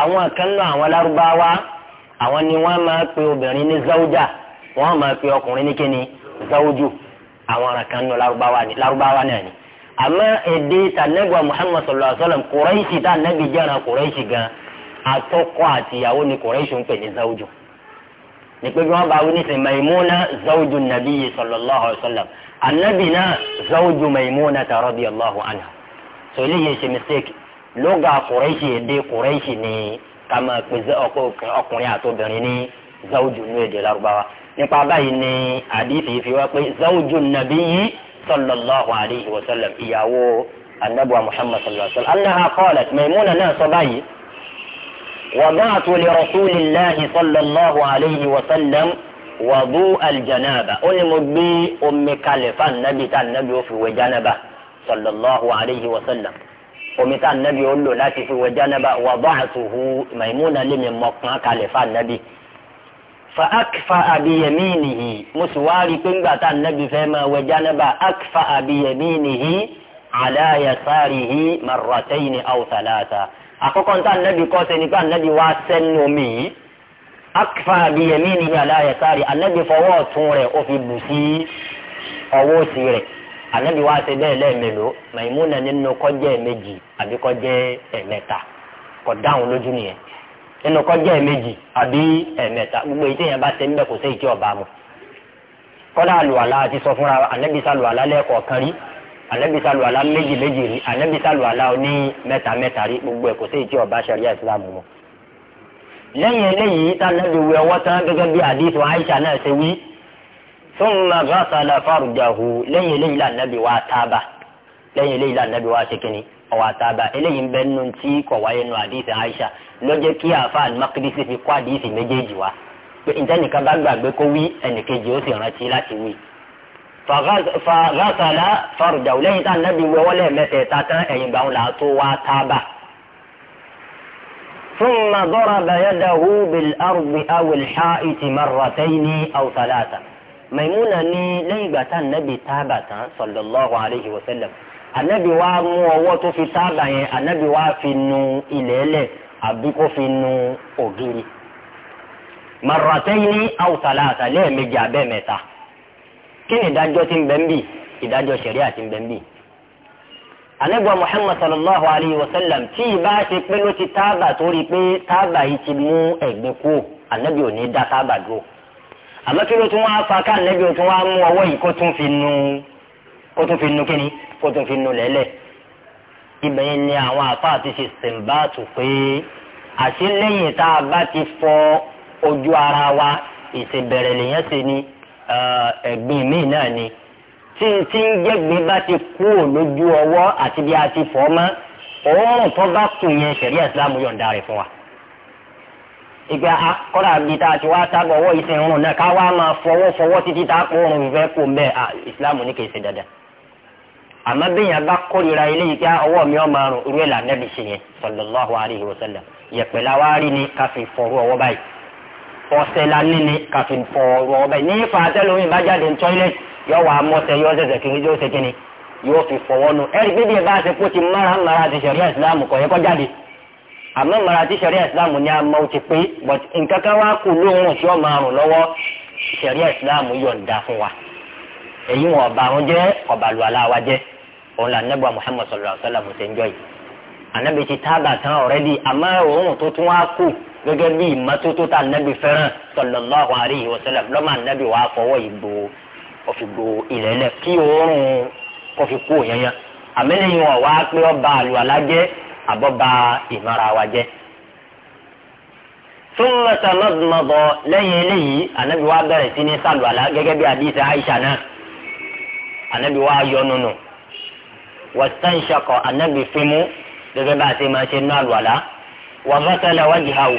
àwọn kan náà ni wọ́n máa pe obìnrin ní záwújà wọ́n máa pe ọkùnrin ní kíni záwújù àmọ́ èdè tànẹ́gbà Muhammad sallallahu alaihi wasallam kùrẹ́ṣì tànẹ́bí jẹ́ran kùrẹ́ṣì gan atọ́kọ àtìyàwó ni kùrẹ́ṣì ń pè ní zawju ní pé bí wọ́n bá wí ní sè Maimuna zawju nabiyyi sallallahu alaihi wasallam anabi náà zawju Maimuna radiyallahu anha sọlí yìí ṣe mistake lóga kùrẹ́ṣì èdè kùrẹ́ṣì ni ká máa pè ọkùnrin àtobìnrin ní zawju ní èdè Lárúbáwá nípa báyìí ni àdìsí fi wá pé zawju sallallahu alayhi wa sallam ìyàwó anabuwa muhammad sallallahu alayhi wa sallam annaha qalat maimuna náà sọ báyìí وضعت لرسول الله صلى الله عليه وسلم وضوء الجنابة أنمضي أم كالفا النبي النبي في وجنبة صلى الله عليه وسلم أم النبي يقول له لا في وجنبة وضعته ميمونة لمن مقنع كالفا النبي fa akfa abiyaminihi mo sì wá rí i pé ńgbà tá ànábì fẹ́ máa wẹ̀ jánábà akfa abiyaminihi ala yasarihi marratayni aw thalatha àkọ́kọ́ níta ànábì kọ́ sẹ́ni pé ànábì wá sẹ́nu omi yìí akfa abiyaminihi ala yasari ànábì fọwọ́ ọ̀tún rẹ̀ ó fi bù sí ọwọ́ òsì rẹ̀ ànábì wá ṣe bẹ́ẹ̀ lẹ́ẹ̀mélòó Maimuna nínú kọjá ẹ̀mejì àbí kọjá ẹ̀mẹ́ta kọ̀ dáhùn lójú nìyẹn nínú kọjá ẹ̀mejì àbí ẹ̀mẹ́ta gbogbo èyí téèyàn bá ṣe níbẹ̀ kò séyìí tí ọba mu kọ́dà àlùwàlá àti sọ fúnra ànẹ́bísà àlùwàlá lẹ́ẹ̀kọ̀ọ̀kan rí ànẹ́bísà àlùwàlá méjì méjì rí ànẹ́bísà àlùwàlá oní mẹ́ta mẹ́ta rí gbogbo ẹ̀ kò séyìí tí ọba ṣẹ̀ríà ìsìlámù mu. lẹ́yìn eléyìí tánàbí wẹ ọwọ́ tán gẹ́gẹ́ bí àdìsù Àìṣà náà ṣe wí thumma ghasala farjahu lẹ́yìn eléyìí lànàbí wa tábà lẹ́yìn eléyìí lànàbí wa ṣe kínní ọwọ́ àtàbà eléyìí ń bẹ nínú tí kò wáyé nínú àdìsí Aisha ló jẹ́ kí àfa al-Maqdisi fi kó àdìsí méjèèjì wá pé ìtẹ́nìkan bá gbàgbé kó wí ẹnìkejì ó sì rántí láti wí fàgásàlá fàrùjàù lẹ́yìn tá nàbí wọ́n wọlé mẹ́tẹ̀ẹ̀ta tán ẹ̀yìn gbà wọn là á tó wá tábà. ثم ضرب يده بالأرض أو الحائط مرتين أو ثلاثة ميمونة لي بتان نبي تابة صلى الله عليه وسلم anabi wa mú ọwọ́ tó fi tábà yẹn anabi wa fi nu ilẹ̀ ẹlẹ̀ àbí kó fi nu ògiri maratẹ́yìn ní àwùsàlà àtàlẹ́ ẹ̀mẹjì abẹ́ mẹ́ta kí ni ìdájọ́ ti ń bẹ ń bì ìdájọ́ ṣẹ̀ríà ti ń bẹ ń bì anabi wa muhammad sallallahu alayhi wa sallam tí ìbá ṣe pé ló ti tábà torí pé tábà yìí ti mú ẹ̀gbin kúrò anabi ò ní dá tábà dúró àmọ́ kí ló tún wá fa ká anabi ò tún wá mú ọwọ́ yìí kó tún fi nu kó tó fi nu kíni kó fi nu lẹ́lẹ̀ ibẹ̀ yẹn ni àwọn àfáà ti ṣe sèǹbàtù pé àṣé lẹ́yìn tá a bá ti fọ ojú ara wa ìṣèbẹ̀rẹ̀ lèyàn ṣe ni eh, ẹ̀gbin míì náà ni tí n ti ń jẹ́gbin bá ti kú ò lójú ọwọ́ àti bí a ti fọ́ mọ́ òórùn tó bá kù yẹn ṣẹ̀rí ẹ̀sìlámù yọ̀ǹda rẹ̀ fún wa. ìgbà akọ́lá bíi tá a ti wá sábà ọwọ́ ìṣẹ̀rùn náà ká wá máa fọwọ́ fọwọ́ títí tá a kó òórùn ìfẹ́ kó mbẹ́ ìsìlámù ní kì í ṣe dandan àmọ́ bí yẹn bá kórìíra eléyìí kí ọwọ́ mi ọmọ àrùn irú ẹ̀ lànàbì ṣe yẹn sallallahu alayhi wa sallam yẹ̀pẹ̀ la wá rí ni ká fi fọrú ọwọ́ báyìí ọṣẹ la ní ni ká fi fọrú ọwọ́ báyìí ní ifa àtẹlómi ìbájáde ní tọ́ílẹ̀tì yọ wà á mọ́sẹ̀ yọ ṣẹ̀ṣẹ̀ kiri yóò ṣe kíni yóò fi fọwọ́ nu ẹ̀rí bíbí ẹ̀ bá ṣe kó ti mara mara ti ṣẹ̀ríà ìsìlámù kọ̀ yẹ kọ́ jáde àmọ́ mara ti ṣẹ̀ríà ìsìlámù ni a mọ ti pé but nǹkan kan wá kù lóhùn tí ó máa lọ́wọ́ ṣẹ̀ríà ìsìlámù yọ̀ǹda fún wa èyí wọn ọba àwọn jẹ́ ọ̀bàlùwàlà wa jẹ́ òun là nẹ́bà Muhammad sallallahu alaihi wasallam ṣe ń jọ yìí ànábì ti tábà tán ọ̀rẹ́dì àmọ́ òun tó tún wá kù gẹ́gẹ́ bí ìmọ́tótó tá ànábì fẹ́ràn sallallahu alaihi wasallam lọ́mọ ànábì wàá fọwọ́ ìgbò ọ̀fìgbò ìlẹ́lẹ̀ kí òórùn kọfí kú òyẹ́yẹ́ àmẹ́lẹ́yìn wọn wá pé ọba àlùwàlá jẹ́ àbọ̀ba ìmọ̀ra wa jẹ́ ثم تمضمض lẹ́yìn eléyìí ànábì wá bẹ̀rẹ̀ sí ní sàlùwàlá gẹ́gẹ́ bí àdìsí Àìṣà náà ànábì wá yọ nùnù wastanshaqqa anabi fimu gẹ́gẹ́ bá a ṣe máa ṣe nú àlùwàlá wa ghasala wajhahu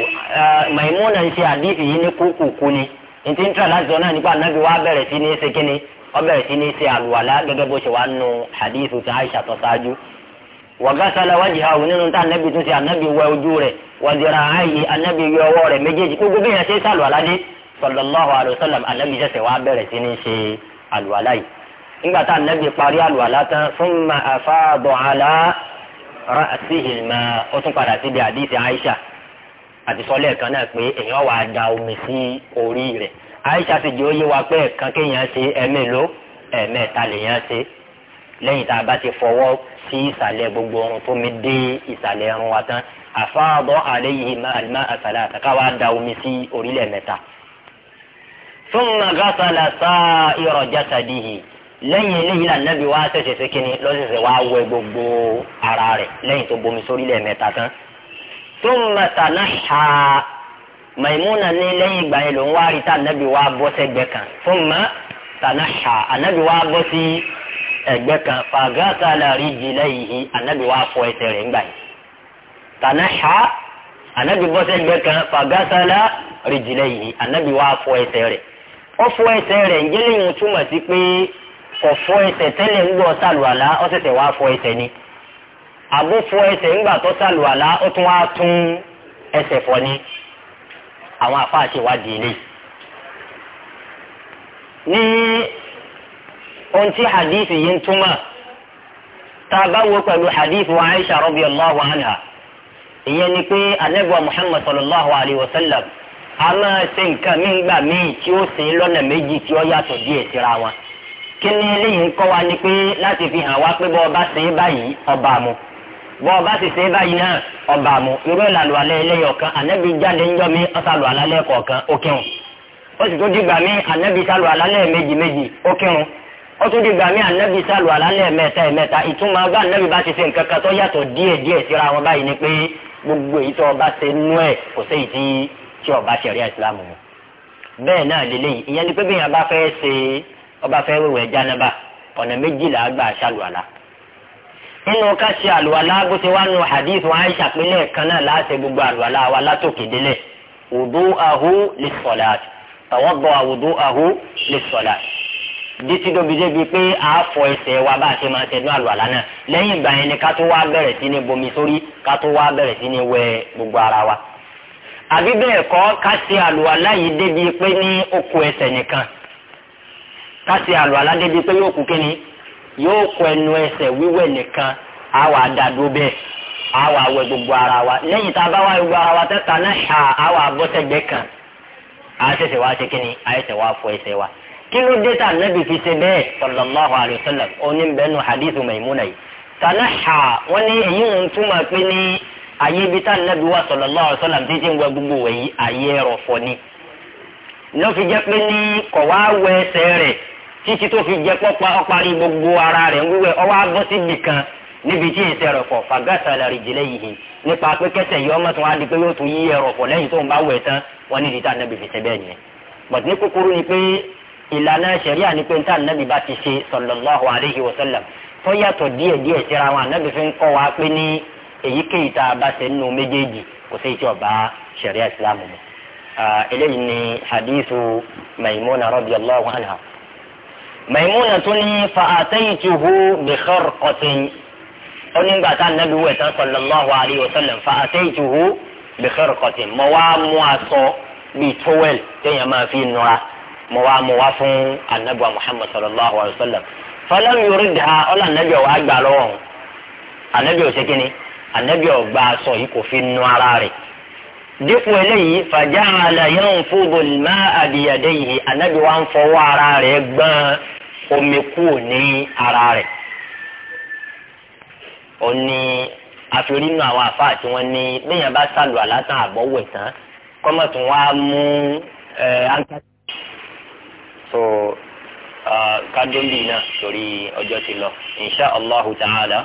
Maimuna ń ṣe àdìsí yìí ní kúkúkú ni ntí ń tẹ̀lé àti sọ́nà nípa anabi wa bẹ̀rẹ̀ sí ní ṣe kíni ó bẹ̀rẹ̀ sí ní ṣe àlùwàlá gẹ́gẹ́ bó ṣe wà nù hadithu tí Aisha tó ṣáájú wa ghasala wajhahu nínú tá anabi tún ṣe anabi wẹ ojú rẹ̀ wa dhira'ayhi anabi yọ ọwọ́ rẹ̀ méjèèjì gbogbo bí yẹn ṣe ṣàlùwàlá dé sallallahu alayhi wa ṣẹ̀ṣẹ̀ wa bẹ̀rẹ̀ sí ní ṣe àlùwàlá yìí nígbà tá ànábì parí àlùwàlá tán thumma afada ala ra'sihi al-ma' ó tún padà síbi àdìsí Aisha àti sọlẹ̀ kan náà pé èèyàn wàá da omi sí orí rẹ̀ Aisha sì jẹ́ ó yé wa pé ẹ̀kan kéèyàn ṣe ẹ̀mélòó ẹ̀mẹ́ta lèèyàn ṣe lẹ́yìn tá a bá ti fọwọ́ sí ìsàlẹ̀ gbogbo ọrùn tó mi dé ìsàlẹ̀ ọrùn wa tán àfáàbọ̀ àléyìí àlùmá àsàlẹ̀ àtàkà wa da omi sí orílẹ̀ mẹ́ta. thumma ghasala sa'ira jasadihi lẹ́yìn eléyìí là nàbí wa ṣẹ̀ṣẹ̀ ṣe kíni lọ́sẹ̀ṣẹ̀ wa wẹ gbogbo ara rẹ̀ lẹ́yìn tó bomi sórí lẹ́ẹ̀mẹ́ta tán. tó ń mẹ́ta náà ṣá Maimuna ní lẹ́yìn ìgbà yẹn ló ń wá rí tá nàbí wa bọ́ sẹ́gbẹ́ kan tó ń mẹ́ tànà ṣá ànábì wa bọ́ sí ẹ̀gbẹ́ kan fàgátà làrí jìlẹ̀ yìí ànábì wa fọ ẹsẹ̀ rẹ̀ ńgbà yìí tànà ṣá ànábì bọ́ sí ẹ̀gbẹ́ kan fàgátà làrí jìlẹ̀ yìí ànábì wa fọ ẹsẹ̀ rẹ̀ ó fọ ẹsẹ̀ rẹ̀ ǹjẹ́ lẹ́yìn túmọ̀ sí pé kò fọ ẹsẹ̀ tẹ́lẹ̀ ńgbọ́ sàlùwàlá ó ṣẹ̀ṣẹ̀ wá fọ ẹsẹ̀ ni àbó fọ ẹsẹ̀ ńgbà tó sàlùwàlá ó tún wá tún ẹsẹ̀ fọ ni àwọn àfáà ilé ní ohun tí yìí ń túmọ̀ tá a bá wo pẹ̀lú wa Aisha radiyallahu anha ìyẹn ni pé anagba Muhammad sallallahu alayhi wa sallam a máa ṣe nǹkan gbà míì tí ó ṣe lọ́nà méjì tí kí ni eléyìí kọ́ wa ni pé láti fi hàn wá pé bọ́ ọba ṣe é báyìí ọba mu bọ́ ọba sì ṣe é báyìí náà ọba mu irú ìlànà alẹ́ eléyìí ọ̀kan ànábì jáde ńjọ́ mi ọ̀sàlù alálẹ́ kọ̀ọ̀kan ó kírun ó sì tó dìgbà mí ànábì sàlù alálẹ́ méjì méjì ó kírun ó tún dìgbà mí ànábì sàlù alálẹ́ mẹ́ta mẹ́ta ìtumọ̀ bá ànábì bá ti ṣe nǹkan kan tó yàtọ̀ díẹ̀ díẹ̀ síra wọn báyìí ni pé gbogbo èyí tó ọba ṣe nú ẹ̀ kò séyìí tí tí ọba ṣẹ̀ríà ìsìlámù bẹ́ẹ̀ náà lélẹ́yìn ìyẹn ni pé bí yẹn bá fẹ́ ṣe ọba fẹ́ wẹ̀wẹ̀ jánaba ọ̀nà méjìlá gbà ṣàlùwàlá nínú ká ṣe àlùwàlá bó ṣe wá nu hadith wọn àìsà pé lẹ́ẹ̀kan náà láṣẹ gbogbo àlùwàlá wa látòkè délẹ̀ wùdú ahu lè sọ̀lá àwọn gbọ́ àwùdú ahu lè sọ̀lá dítí tóbi débi pé a fọ ẹsẹ̀ wa bá a ṣe máa ṣẹdún àlùwàlá náà lẹ́yìn ìgbà yẹn ni ká tó wá bẹ̀rẹ̀ sí ní bomi sórí ká tó wá bẹ̀rẹ̀ sí ní wẹ gbogbo ara wa àbí bẹ́ẹ̀ kọ́ ká ṣe àlùwàlá yìí débi pé ní okùn ẹsẹ̀ nìkan Kasi àlọ́ aládébí pé yóò kú kínní yóò kọ ẹnu ẹsẹ̀ wíwẹ̀ nìkan á wà dá dúró wẹ gbogbo ara wa lẹ́yìn tá a bá wà gbogbo ara wa tẹ́ta náà ṣá á wà bọ́sẹ̀gbẹ́ kan á ṣẹ̀ṣẹ̀ wá ṣe kínní á ṣẹ̀ṣẹ̀ wá fọ ẹsẹ̀ wa kí ló dé tá fi ṣe bẹ́ẹ̀ sallallahu alayhi wa sallam oníbẹ̀nu hadith Maimuna yìí tanaha wọn ní èyí ń túmọ̀ pé ní ayé ibi tá nàbì wà sallallahu alayhi wa sallam títí ń gbẹ gbogbo wẹ̀yí ayé ẹ̀rọ̀fọ̀ ni ló pé ní kọ̀ wá wẹ títí tó fi jẹ pọ́pá ọparí gbogbo ara rẹ̀ ń wúwẹ̀ ọwọ́ abọ́ síbi kan níbi tí èsì ẹ̀rọ̀fọ̀ fàgàtà làrí jìlẹ̀ yìí nípa pé kẹsẹ̀ yìí ọmọ tó wá di pé yóò tún yí ẹ̀rọ̀fọ̀ lẹ́yìn tó ń bá wẹ̀ tán wọ́n ní ìdíta nàbì fi ṣe bẹ́ẹ̀ nìyẹn. kúkúrú ni pé ìlànà ṣẹ̀ríà ni pé níta nàbì bá ti ṣe sallallahu alayhi wa sallam tó yàtọ̀ díẹ̀ síra wọn ànábì fi ń kọ́ wa pé ní èyíkéyìí bá ṣe nínú méjèèjì kò sí ah, ìtì ọba Maimuna tún ní fa'ataytuhu bi kharqatin ó ní gbà tá nàbí wẹ̀ tán sallallahu alayhi wa sallam fa'ataytuhu bi kharqatin mọ wá mú aṣọ bíi towel téèyàn máa fi nura mọ wá mú wá fún anabiwa Muhammad sallallahu alayhi wa sallam falam yuridha ọlọ anabi ọwọ àgbà lọ́wọ́ anabi ọsẹkìnni anabi ọgbà aṣọ yìí kò fi nu ara rẹ̀ dípò eléyìí fàjà àlàyé ń fún bòlímà àbíyàdé yìí anabi wa ń fọwọ́ ara rẹ̀ gbọ́n omi kúrò ní ara rẹ̀ ó ní àfiorí nù àwọn àfáà tí wọ́n ní bẹ́yàn bá sàlù àlásàn àbọ̀wẹ̀ tán kọ́mọ̀ tí wọ́n á mú so kádólì náà torí ọjọ́ ti lọ insha allahu ta'ala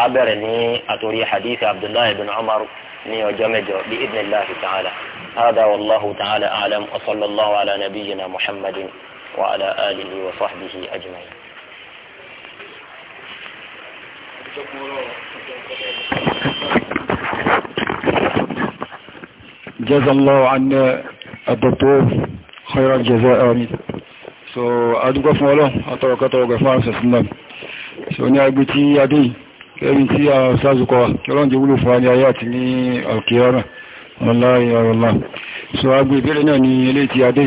a bẹ̀rẹ̀ ní àtòrí hadith abdullahi bin umar ní ọjọ́ mẹ́jọ bí idhnillahi ta'ala hada wallahu ta'ala a'lam wa sallallahu ala nabiyyina muhammadin. وعلى آله وصحبه أجمعين جزا الله عنا الدكتور خير الجزاء آمين so adúgbọ́ fún ọlọ́ àtọrọkọtọ ọgbẹ̀ fún àṣẹ sílẹ̀ so ní agbé tí adé kẹrin tí a sáàzùkọ wà kí ọlọ́n jẹ́ wúlò fún ayé ayé àti ní alkiyara ọlá ìyàrọ̀lá so agbé ìbẹ̀rẹ̀ náà ni ilé tí adé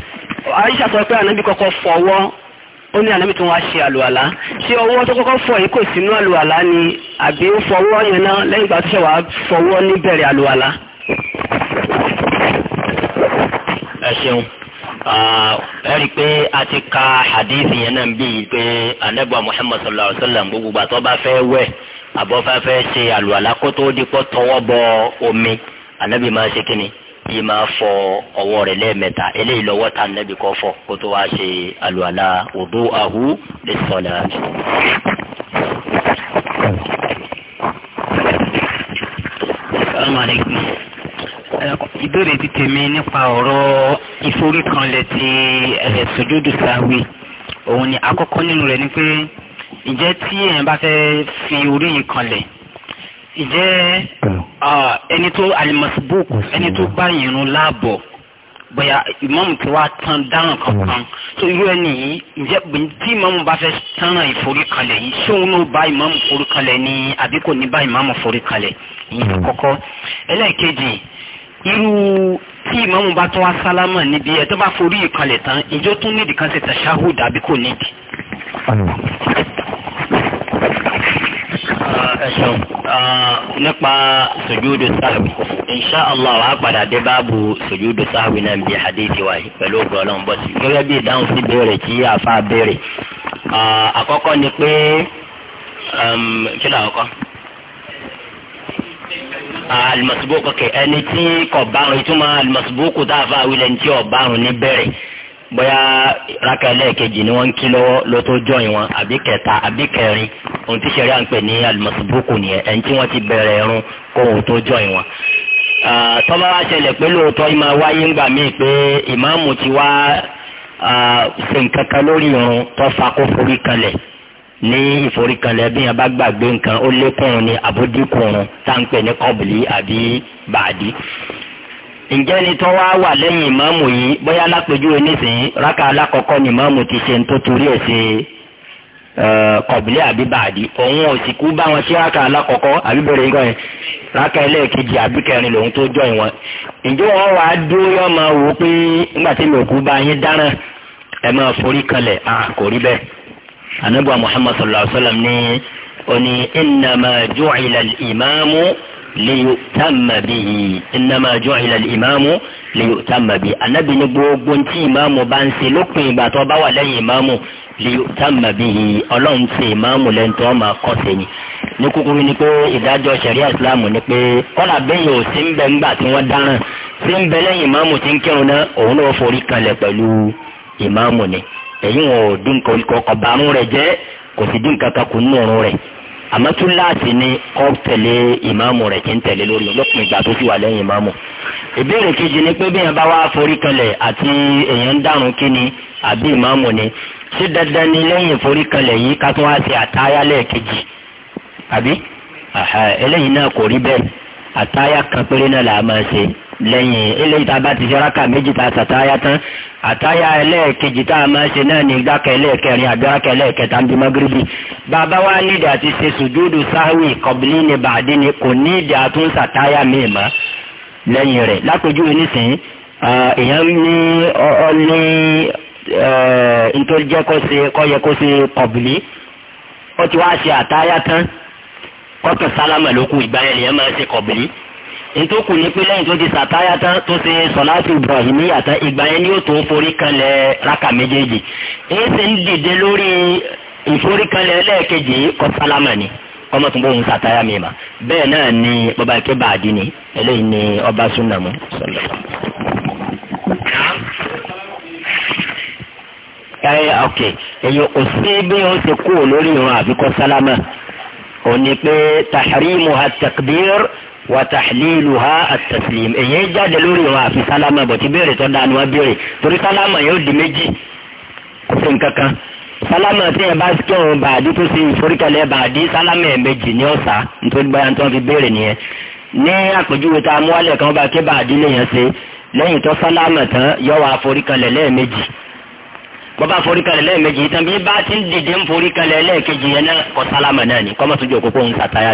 Aisha sọ pé ànábì kọ́kọ́ fọwọ́ ó ní ànábì tó wá ṣe àlùwàlá ṣé ọwọ́ tó kọ́kọ́ fọ yìí kò sínú àlùwàlá ni àbí ó fọwọ́ yẹn náà lẹ́yìn ìgbà tó ṣe wàá fọwọ́ níbẹ̀rẹ̀ àlùwàlá. ẹ ṣeun ẹ rí i pé a ti ka hadith yẹn náà bíi pé ànábì Muhammad sallallahu alaihi wa sallam gbogbo àtọ́ bá fẹ́ wẹ̀ àbọ̀ fẹ́ fẹ́ ṣe àlùwàlá kó tó dípọ̀ tọwọ́ bọ omi ànábì máa ṣe kínni yìí máa fọ ọwọ́ rẹ̀ lẹ́ẹ̀mẹ́ta eléyìí lọ́wọ́ tá nẹ́bí kọ́ fọ kó tó wáá ṣe àlùwàlá òdó ahu lè sọ̀lá. ìbéèrè ti tèmi nípa ọ̀rọ̀ ìforíkanlẹ̀ ti sùjúdù sáwì òun ni àkọ́kọ́ nínú rẹ̀ ni pé ǹjẹ́ tí èèyàn bá fẹ́ fi orí yìí kanlẹ̀ ǹjẹ́ Ah, ẹni tó alimasibuku ẹni tó bá yìnyín láàbọ̀ bóyá ìmáàmù tí wàá tán dáhùn kankan tó irú ẹni yìí ǹjẹ́ tí ìmáàmù bá fẹ́ tánràn ìforíkalẹ̀ yìí ṣóun ló bá ìmáàmù foríkalẹ̀ ni àbí kò ní bá ìmáàmù foríkalẹ̀ yìí kọ́kọ́ ẹlẹ́ẹ̀kejì irú tí ìmáàmù bá tún wá sálámà níbi ẹ̀ tó bá forí ìkalẹ̀ tán ìjọ tún nídìí kan ṣe tàṣáhùd àbí kò nídìí nípa sojúdù sáàbì insha allah wàá padà dé báàbù sojúdù sáàbì náà bí hadithi wáyé pẹ̀lú ògùn ọlọ́run bọ́sì gẹ́gẹ́ bí ìdáhùn sí béèrè tí àfa béèrè àkọ́kọ́ ni pé kí ni àkọ́kọ́ alimọ̀sibókò kẹ ẹni tí kò bárun ìtumọ̀ alimọ̀sibókò tá a fa awilẹ̀ ní tí ò bárun ní bẹ̀rẹ̀ bóyá rákà ẹlẹ́ẹ̀kejì ni wọ́n ń kí lọ́wọ́ ló tó jọyìn wọn àbí kẹta àbí kẹrin ohun tí sẹ́rí à ń pè ní alimọ̀sibúkù nìyẹn ẹni tí wọ́n ti bẹ̀rẹ̀ ẹ̀rún kó òun tó jọyìn wọn. tọ́lá wa ṣẹlẹ̀ pé lóòótọ́ ìmọ̀ wáyé ń gbà mí pé ìmáàmù ti wá ṣe nǹkan kan lórí irun tó fa kó forí kalẹ̀ ní ìforí kalẹ̀ bí yẹn bá gbàgbé nǹkan ó lékún ni àbódíkùn tá ní kọ́bìlì àbí bàdí. ǹjẹ́ ni tó wá wà lẹ́yìn ìmáàmù yìí bóyá lápèjúwe nísìnyí rákà alákọ̀ọ́kọ́ ni ìmáàmù ti ṣe tó torí ẹ̀ ṣe kọ̀bílì àbí bàdí òun ò sì kú bá wọn sí rákà alákọ̀ọ́kọ́ àbí bẹ̀rẹ̀ nǹkan yẹn rákà ẹlẹ́ẹ̀kejì àbí lòun tó jọ ìwọ̀n ǹjẹ́ wọn wà dúró yọ máa wò ó pé nígbà tí mi ò kú bá yín ẹ liyutama bihi innama ju'ila al-imamu liyutama bihi anabi ni gbogbo ntí ìmáàmù bá ń ṣe lópin ìgbà tó bá wà lẹ́yìn ìmáàmù liyutama bihi ọlọ́run ṣe ìmáàmù lẹ́ńtọ́ ọmọ akọ́sẹ̀ ni ní kúkúrú ni pé ìdájọ́ ṣẹ̀ríà ìsìláàmù ni pé kọ́lá bẹ́yìn ò sí ń bẹ ńgbà tí wọ́n dáràn sí ń bẹ lẹ́yìn ìmáàmù tí ń kírun náà òun náà forí kanlẹ̀ pẹ̀lú ìmáàmù ni èyí wọn ò dín kọ̀ọ̀kan bàrún rẹ̀ jẹ́ kò sì dín kankan kù nínú rẹ̀ àmọ́ túláàsì ni kọ́ tẹ̀lé ìmáàmù rẹ̀ tí ń tẹ̀lé lórí lópin ìgbà tó sì wà lẹ́yìn ìmáàmù. ìbéèrè kejì ni pé bíyàn bá wá forí kalẹ̀ àti èèyàn ń dàrún kí ni àbí ìmáàmù ni ṣé dandan ni lẹ́yìn forí kalẹ̀ yìí ká tún wá ṣe àtáyà lẹ́ẹ̀kejì àbí eléyìí náà kò rí bẹ́ẹ̀ àtáyà kan péré náà là á máa ṣe lẹ́yìn eléyìí tá a bá ti fi rákà méjì tá a sàtáyà tán àtáyà ẹlẹ́ẹ̀kejì tá a máa ṣe náà ní ìgbàkẹ́ ẹlẹ́ẹ̀kẹrin àgbẹ̀rákẹ́ ẹlẹ́ẹ̀kẹta ń bí mọ́gíríbì bàbá wa nídìí àti ṣe sùjúdù sáwì kọ̀bìlì ní bàdí ni kò ní ìdí àtún sàtáyà míì mọ́ lẹ́yìn rẹ̀ lápèjúwe nísìnyí èèyàn ní ọ ní nítorí jẹ́ kó ṣe kó yẹ kó ṣe kọ̀bìlì ó ti wá ṣe àtáyà tán kọ́tù sálámà ntókù ní pé lẹ́yìn tó di sàtáyà tán tó ṣe sọ̀láàtì Ibrahimiyya tán ìgbà yẹn ni yóò tó forí kanlẹ̀ rákà méjèèjì èyí ṣe ń dìde lórí ìforí kanlẹ̀ lẹ́ẹ̀kejì kọ́ sálámà ni ọmọ tó ń bọ̀ ń sàtáyà mi mà bẹ́ẹ̀ náà ni bàbá ike bàdí ni eléyìí ni ọba súnàmù sọlọ. ẹ ok èyí kò sí bí wọn ṣe kú lórí ìran àbíkọ sálámà òní pé tahrimu ha takbir. wàtàlílùhà àtẹ̀sílìm èyí jáde lórí wọn àfi salama bọ̀ tí béèrè tó dáa ni wọ́n béèrè torí salama yóò di méjì kò sí nǹkan kan ti tí ẹ bá kí ọ̀hún bàdí tó ṣe ìforíkẹlẹ̀ bàdí sálámà ẹ̀ méjì ní ọ̀sà nítorí báyà tó ń fi béèrè nìyẹn ní àpèjúwe tá a mú kan bá ké bàdí lèèyàn ṣe lẹ́yìn tó sálámà tán yọ wá foríkẹlẹ̀ tán bí bá ti ń dìde ń lẹ́ẹ̀kejì yẹn náà náà ni ń sàtáyà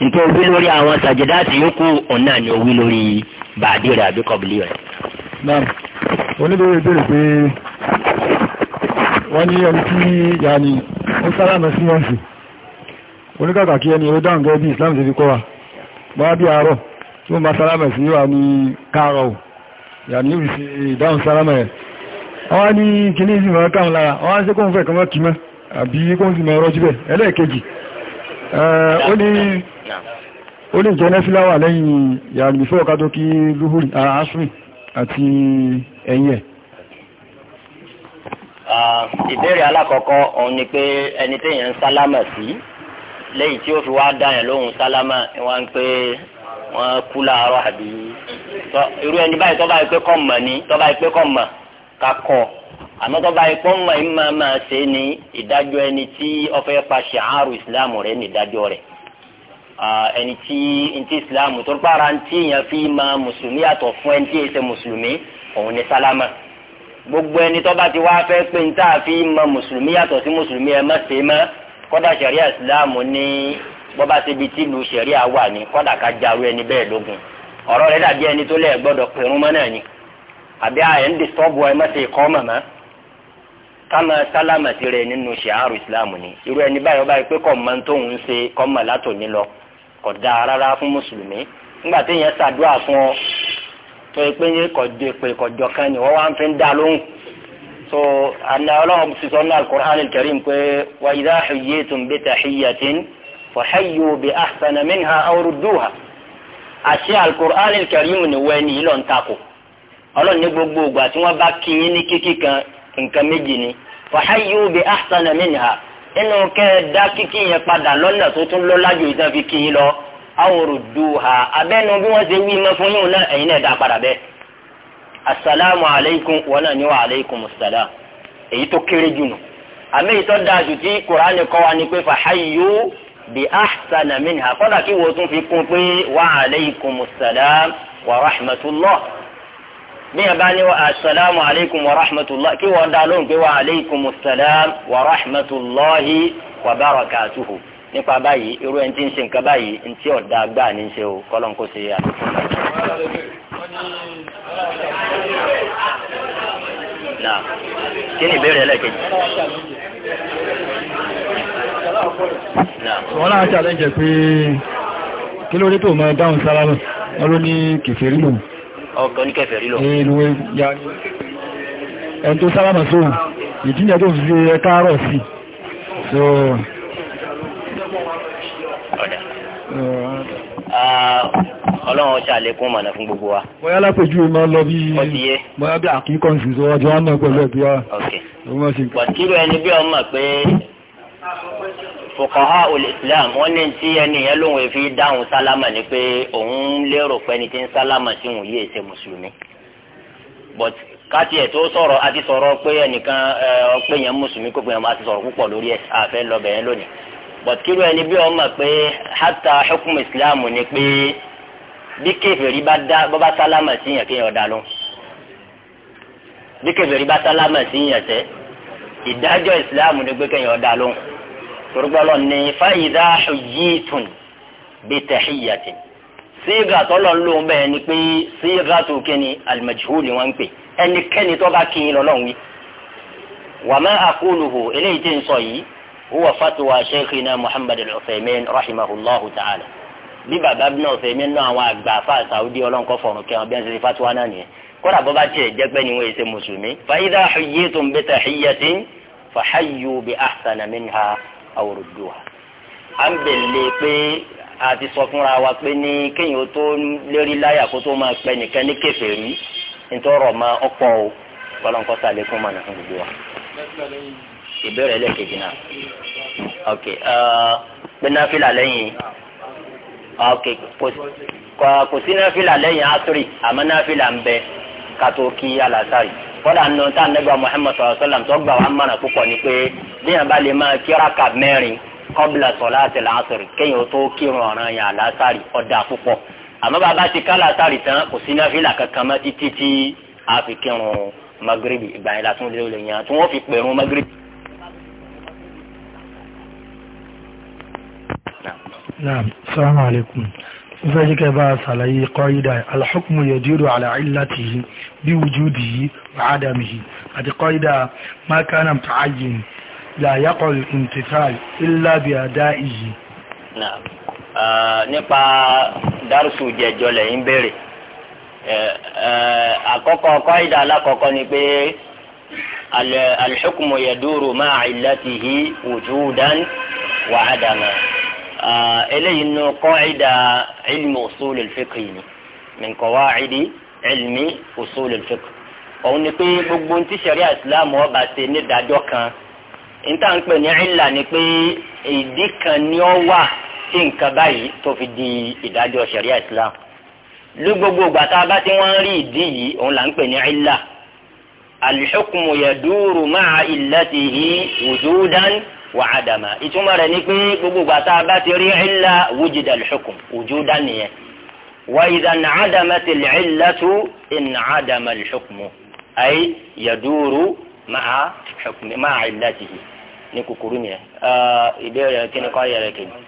nítorí wí lórí àwọn sàjẹ́dáàtì yòókù òun ni ó wí lórí bàdí rẹ̀ àbí kọ̀bìlì rẹ̀. naam oníbèrè béèrè pé wọ́n ní ẹni tí ni ó sálàmù sí wọn sí oníkàkà kí ẹni ó dáhùn gẹ́gẹ́ bí Islam ṣe fi kọ́ wa bá bí àárọ̀ tí wọ́n bá sálàmù sí wa ní káàrọ̀ yaani ó fi ìdáhùn sálàmù rẹ̀ wọ́n ní kíní ìsìnkú ọ̀rọ̀ káwọn lára wọ́n á ṣe kóhun fẹ́ kọ́mọ́ kí mọ́ àbí kóhun sì mọ́ ọ̀rọ̀ jù bẹ́ẹ̀ ẹlẹ́ẹ̀kejì ó ní ó lè jẹ́ nẹ́fíláwà lẹ́yìn yàrá before ká tó kí lúhùrì àásùrì àti ẹ̀yìn ẹ̀ ìbéèrè alákọ̀ọ́kọ́ òun ni pé ẹni téèyàn ń sálámà sí lẹ́yìn tí ó fi wá dá yẹn lóhùn sálámà wọ́n ń pé wọ́n kú láàárọ̀ àbí irú ẹni báyìí tó bá kọ́ mọ̀ ni tó bá yẹ pé kọ́ mọ̀ ká kọ́ àmọ́ tó bá mọ̀ ẹ̀ máa máa ṣe ni ìdájọ́ ẹni tí ó fẹ́ pa ṣàárù ìsìláàmù rẹ̀ ní ìdájọ́ rẹ̀ ẹni tí ntí ìsìlámù tó para ntí yẹn fi máa mùsùlùmí yàtọ̀ fún ẹni tí mùsùlùmí òun ni sálámà gbogbo ẹni tó bá ti wá fẹ́ pé ntá fi máa mùsùlùmí yàtọ̀ sí mùsùlùmí ẹ má ṣe mọ́ kọ́dà sẹ̀ríà ìsìlámù ní bọ́bá síbi tí ìlú sẹ̀ríà wà ní kọ́dà ká jaru ẹni bẹ́ẹ̀ lógun ọ̀rọ̀ rẹ̀ dàbí ẹni tó lẹ̀ gbọ́dọ̀ pẹ̀rún mọ́ náà ni àbí àyẹ̀ ń disọ́bù ẹ má ṣe kọ́ mọ̀mọ́ kama sálámà ti rẹ̀ nínú ṣìárù ìsìlámù ni irú ẹni báyọ̀ báyìí pé kọ́ mọ́ tóun ń ṣe kọ́ mọ́ látòní lọ kò dáa rárá fún mùsùlùmí nígbà tí yẹn ṣàdúrà fún ọ tó yẹ pé kọjọ pé kọjọ kan ni wọ́n wá ń fi ń dá lóhùn so àná ọlọ́run ti sọ ní al-Qur'an al-Karim pé wa idha huyyitum bi tahiyyatin fahayyu bi ahsana minha aw rudduha àṣẹ al-Qur'an al-Karim ni wẹ́ẹ́ ní ìlọ ń takò ọlọ́run ní gbogbo ìgbà tí wọ́n bá kí ní kíkí kan nǹkan méjì ni fahayyu bi ahsana minha nínú kẹ́ ẹ dá kíkí yẹn padà lọ́nà tó tún lọ́lá ju ìtàn fi kí yín lọ awòrò duha abẹ́nu bí wọ́n ṣe wí iná fún yín náà ẹ̀yin náà dá padà bẹ́ẹ̀ asalaamu aleykum wọn náà ní wa aleykum salaam èyí tó kéré jù nù àmì ìtọ́ dáa jù tí kuraani kọ́ wa ni pé fàáyò bi ahsana minha kọ́dà kí wọ́n tún fi kún pé wa aleykum salaam wa rahmatulah bí yẹn bá ní wa asalaamu aleykum wa rahmatulah kí wọ́n dá lóhùn pé wa aleykum salaam wa rahmatulahi wa barakatuhu nípa báyìí irú ẹni tí ń ṣe nǹkan báyìí ń tí ọ̀dà gbà ní ṣe o kọ́lọ́n kó ṣe yá. kí ni ìbéèrè ẹlẹ́kejì. wọ́n náà ṣàlẹ́ jẹ́ pé kí ló dé tó máa dáhùn sálámù wọ́n ló ní kẹfẹ́ lòun ọkọ̀ ní kẹfẹ̀ rí lọ. ẹni tó sálámà sóhùn ìdíyẹ tó fi ẹ káàárọ̀ sí so ah, ọlọ́run ṣe àlékún mọ̀nà fún gbogbo wa. bóyá lápèjú ma lọ bí bóyá bí àkíkọ́ ìṣùsọ́ ọjọ́ ánà pẹ̀lú ẹ̀bí wa. ok. wàtíru ẹni bí fòkànhá olùsílám wọn ní tí ẹni yẹn lóun èéfi dáhùn sálámà ni pé òun lérò pé ẹni tí ń sálámà sí òun yìí ṣe mùsùlùmí but káti ẹ̀ tó sọ̀rọ̀ àti sọ̀rọ̀ pé ẹnìkan ọpẹ́ yẹn mùsùlùmí kó pé yẹn máa ti sọ̀rọ̀ púpọ̀ lórí ẹ̀ àfẹ́ lọ́bẹ̀ yẹn lónìí but kí ló ẹni bí wọn mọ̀ pé hátà hukum islam ni pé bí kèfèrí bá dá bọ́bá sálámà sí yẹn kéèyàn dá lóhùn bí kèfèrí bá sálámà sí yẹn tẹ́ ìdájọ́ islam ni pé kéèyàn dá lóhùn torugbọlọ ní fayida xujitun bitahiyatin siiga tọlọ ń lóun bẹ́ẹ̀ ni pé siiga tó kéni alimajhuli wọn pè ẹnikẹ́ni tó bá kí lọ́lọ́ wí. wàmẹ́ àkúlùhù eléyìí tí ń sọ yìí huwa fatuwa sheikhina muhammad al-usaimin rahimahullahu ta'ala bí baba bin usaimin náà àwọn àgbà fa saudi ọlọ́nkọ́ fọ̀rùn kẹwọn bí wọ́n fatuwa náà nìyẹn kódà bó bá ni wọ́n ṣe mùsùlùmí. fayida xujitun bitahiyatin fahayu bi ahsana minha àwòrán à ń gbèlè pé a ti sọ fúnra wa pé ní kéèyàn tó lérí láyà kó tó máa pẹ nìkan ní kèfèrí nítorọ̀ ma ọ̀pọ̀ o kọ́lọ́nkọ́ sàlékún mọ̀nà fún gbogbo wa. ìbéèrè ẹlẹ́kejì náà ok uh, pé náfìlà lẹ́yìn ok kò sí náfìlà lẹ́yìn asiri àmọ́ náfìlà ń bẹ kátó kí alásàrì kọ́dà nù tá ànágbà Muhammad sallallahu alaihi wasallam tó gbà wá mọ̀nà púpọ̀ ni pé bí yàn bá lè máa kí rákà mẹ́rin kọ́bìlà sọ̀láàtì làásìrì kéèyàn tó kírun ọ̀ràn yàn àlásàrì ọ̀dà púpọ̀ àmọ́ bàbá ti ká làásàrì tán kò sí náfìlà kankan mọ́ títí tí a fi kírun magrebi ìgbà yẹn látún lé olè tí wọ́n fi pèrún magrebi. naam salaam fẹ́ ṣe kẹ́ bá ṣàlàyé kọ́ídà alhukmu yaduru ala illatihi bí wujudihi wa adamihi àti kọ́ídà ma kana muta'ayyin la yaqul imtithal illa bi ada'ihi. nípa dárúsù jẹjọ lẹ́yìn béèrè àkọ́kọ́ kọ́ídà alákọ̀ọ́kọ́ ni pé alhukmu yaduru ma'a illatihi wujudan wa adaman eléyìí nu kọ́ọ̀ìdà ilmi usul al-fiqh ni min qawaidi ilmi usul al-fiqh òun ni pé gbogbo ntí ṣẹ̀ríà islam ọba ṣe nídàájọ́ kan níta ń pè ní ìlà ni pé ìdí kan ni ó wà tí nǹkan báyìí tó fi di ìdájọ́ ṣẹ̀ríà islam lu gbogbo ìgbà tá a bá ti wọ́n rí ìdí yìí òun là ń pè ní ìlà al-hukmu yaduru ma'a illatihi wujudan wà á dàmà ìtumọ̀ rẹ̀ ni pé gbogbo ìgbà tá a bá ti rí ìlà wujida al-hukm wujudan nìyẹn wa idha in'adamat al-'illatu in'adama al-hukm ay yaduru ma'a hukm ma'a 'illatihi ní kúkúrú nìyẹn ìbéèrè kí ni kọ́ yẹrẹ kejì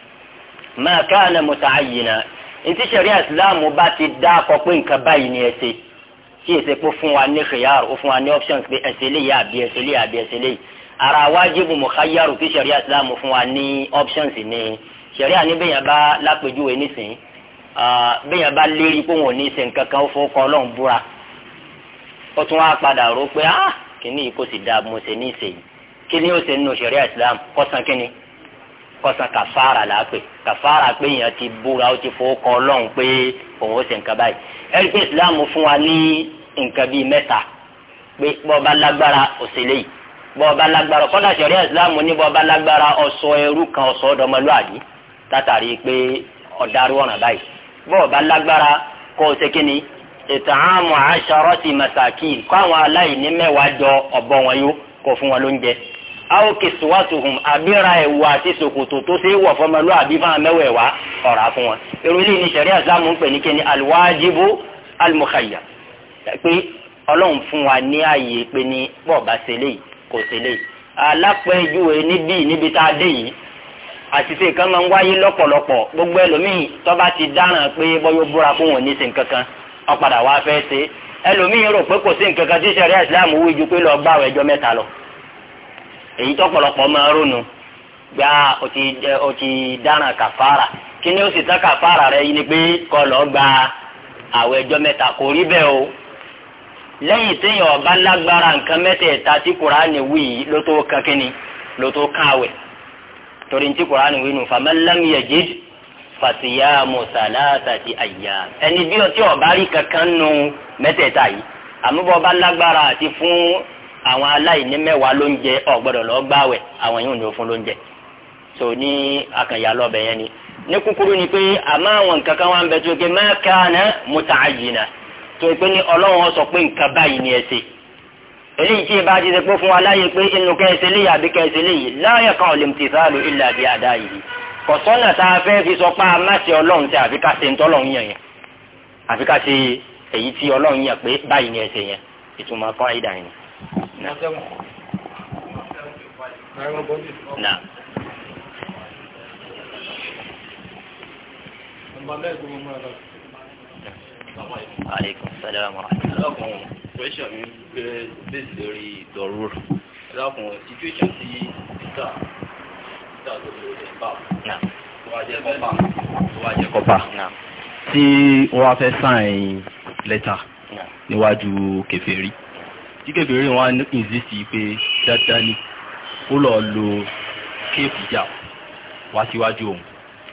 ma kana muta'ayyina ntí sẹ̀rí islam bá ti dá akọ pé nǹkan báyìí ni ẹ ṣe kí èsè pé fún wa ní khiyar ó fún wa ní options pé ẹsẹ̀ lè yá àbí ẹsẹ̀ lè yá àbí ẹsẹ̀ lè yìí ara wájibu mukhayaru tí sẹ̀ríà islam fún wa ní options ni sẹ̀ríà ní bẹ́yàn bá lápèjúwe nisin bẹ́yàn bá lérí pé wọn ò ní ṣe nǹkan kan ó fọkọ ọlọ́run búra ó tún wá padà rò pé ah kíní yìí kò sì dáa mo ṣe ní ìṣèyí kíní ó ṣe nínú sẹ̀ríà islam kọ́sán kíní kọ́sán kàfàrà lápè kàfàrà pé èèyàn ti búra ó ti fọkọ ọlọ́run pé òun ó ṣe nǹkan báyìí ẹ̀rí pé islam fún wa ní nǹkan bíi mẹ́ta pé bọ́ọ̀ bá lágbára òṣèlè yìí bọ́ọ̀ba lágbára kọ́dà sẹ̀rí ẹ̀sìlámù ní bọ́ọ̀ba lágbára ọ̀sọ̀ ẹrú kan ọ̀sọ̀ ọ̀dọ́mọlúàbí látàrí pé ọ̀darú ọ̀ràn báyìí bọ́ọ̀ba lágbára kọ́ ọ sẹ́kẹ́ni ètò àmọ́ àṣàrọ́tì masakin kó àwọn aláìní mẹ́wàá jọ ọ̀bọ wọn yó kó fún wọn lóúnjẹ. àwọn kìsùwàtùhùn àbíra ẹ̀wù àti ṣòkòtò tó ṣe é wọ̀ fọmọlúàbí fáwọn mẹ́wẹ̀ẹ̀wá ọ̀rà fún wọn. èrò ilé ní sẹ̀rí ẹ̀sìlámù ń kò sí lè alápẹ̀júwe níbí níbi tá a dé yìí àṣìṣe kan máa ń wáyé lọ́pọ̀lọpọ̀ gbogbo ẹlòmíì tọba ti dáràn pé bọ́yọ̀ búra kó wọn ní sí nǹkan kan wọ́n padà wá fẹ́ ṣe ẹlòmíì rò pé kò sí nkankan tí sẹ̀rí wí ju pé lọ gbà o dáràn kàfàrà rẹ yìí ni pé kọlọ gba àwọn mẹta kò rí o. lẹ́yìn téèyàn ọba lágbára nǹkan mẹ́tẹ̀ẹ̀ta tí kuraani wí yìí ló tó kankini ló tó káwẹ̀ torí tí kuraani wí nù famallam yajid fasiyamu salasati ayyam ẹni bí ọtí ọba rí kankan nù mẹ́tẹ̀ẹ̀ta yìí àmúbọ̀ ọba lágbára àti fún àwọn aláìní mẹ́wàá lọ àwọn ní so ni ní kúkúrú ni pé àmọ́ àwọn nǹkan kan ń bẹ tó ké tó pé ní ọlọ́run sọ pé nǹkan báyìí ni ẹ ṣe eléyìí tí ìbá ti ṣe pé fún wa láyé pé inú kẹsẹ̀ léyìí àbí kẹsẹ̀ léyìí láyé kan ò lè mutí sáàlù ilẹ̀ àbí àdá yìí kò sọ́nà tá a fẹ́ fi sọ pé a má ṣe ọlọ́run tí àfi ká ṣe ń tọ́lọ́run yàn yẹn àfi ká ṣe èyí tí ọlọ́run yàn pé báyìí ni ẹ ṣe yẹn ìtumọ̀ kan ìdá yẹn. Nah aleykum salaam wa rahmatulah. lọ́kùn pẹ̀sọ̀ mi pé bẹ́ẹ̀ lórí ìdọ̀rú rẹ̀ lọ́kùn situation ti títà títà tó lè rẹ̀ bá tó wá jẹ́ kọ́pà tó wá jẹ́ kọ́pà tí wọ́n fẹ́ sign letter níwájú kèfèrí tí kèfèrí wọn insist pé dáadáa ni ó lọ lo kéèpì jà wá síwájú òun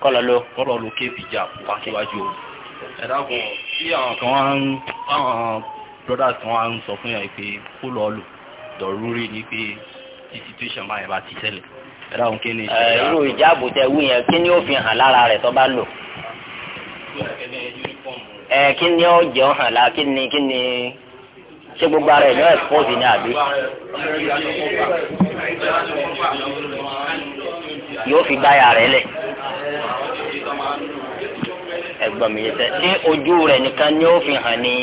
kọlọ lo kọlọ lo kéèpì jà wá síwájú òun ẹ̀dá kan tí àwọn kan wá ń àwọn brothers kan wá ń sọ fún yàn pé kó lọ lò dọ̀rúrí ni pé tí situation báyẹn bá ti ṣẹlẹ̀ ẹ̀dá kan kí ni. irú ìjáàbò tẹ wí yẹn kí ni ó fi hàn lára rẹ̀ tó bá lò. ẹ kí ni ó jẹun hàn lára kí ni kí ni ṣé gbogbo ara ẹ̀ ní ẹ̀fọ́sì ni àbí. yóò fi gbáyà rẹ̀ lẹ̀ ẹ̀gbọ́n mi yẹ sẹ ṣé ojú rẹ̀ nìkan ni ó fi hàn ní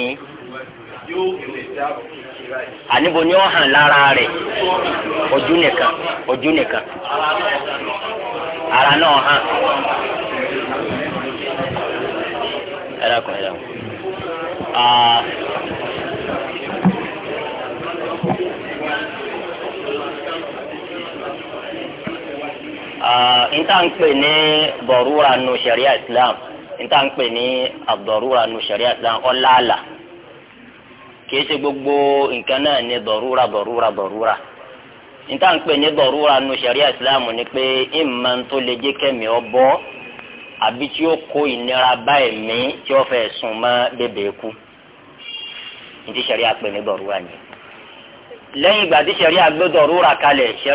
àníbo ni ó hàn lára rẹ̀ ojú nìkan ojú nìkan ara náà hàn ẹ̀rọ kan ẹ̀rọ kan. pè ní bọ̀rúra nu sharia islam nta ń pè ní àdọ̀rúra nu sẹ̀rí Islam kìí gbogbo nǹkan náà ní dọ̀rúra dọ̀rúra dọ̀rúra níta ń pè ní nu Islam ni pé ìmọ̀ tó lè jẹ́ kẹ́mi ọ àbí tí ó kó ìnira ti ní ni lẹ́yìn ìgbà tí sẹ̀rí àgbé kalẹ̀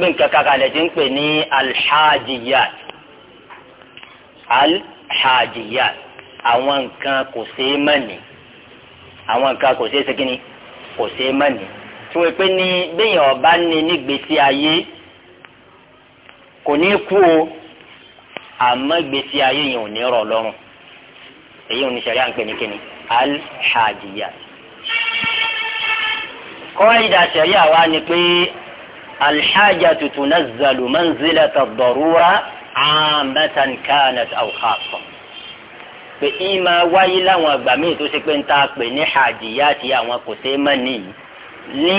nǹkan kalẹ̀ ti ń pè ní alhajiyat al. hajiyat àwọn nǹkan kò ṣeé mọ̀nì àwọn nǹkan kò ṣeé ṣe kínní kò ṣeé mọ̀nì tí wọ́n pè ní bẹ́yìn ọba ní nígbèsí ayé kò ní kú o àmọ́ gbèsè ayé yẹn ò ní rọ̀ lọ́rùn èyí ò ní sẹ́rí à ń pè ní kíni alhajiyat kọ́ńdà sẹ́rí àwa ni pé alhajatu tunazzalu manzilata ad-darura 'amatan kanat aw pé ìyín máa wáyé láwọn àgbà míì tó ṣe pé ń ta pè ní hàjìyá àti àwọn kò ṣeé mọ̀ nìyí ní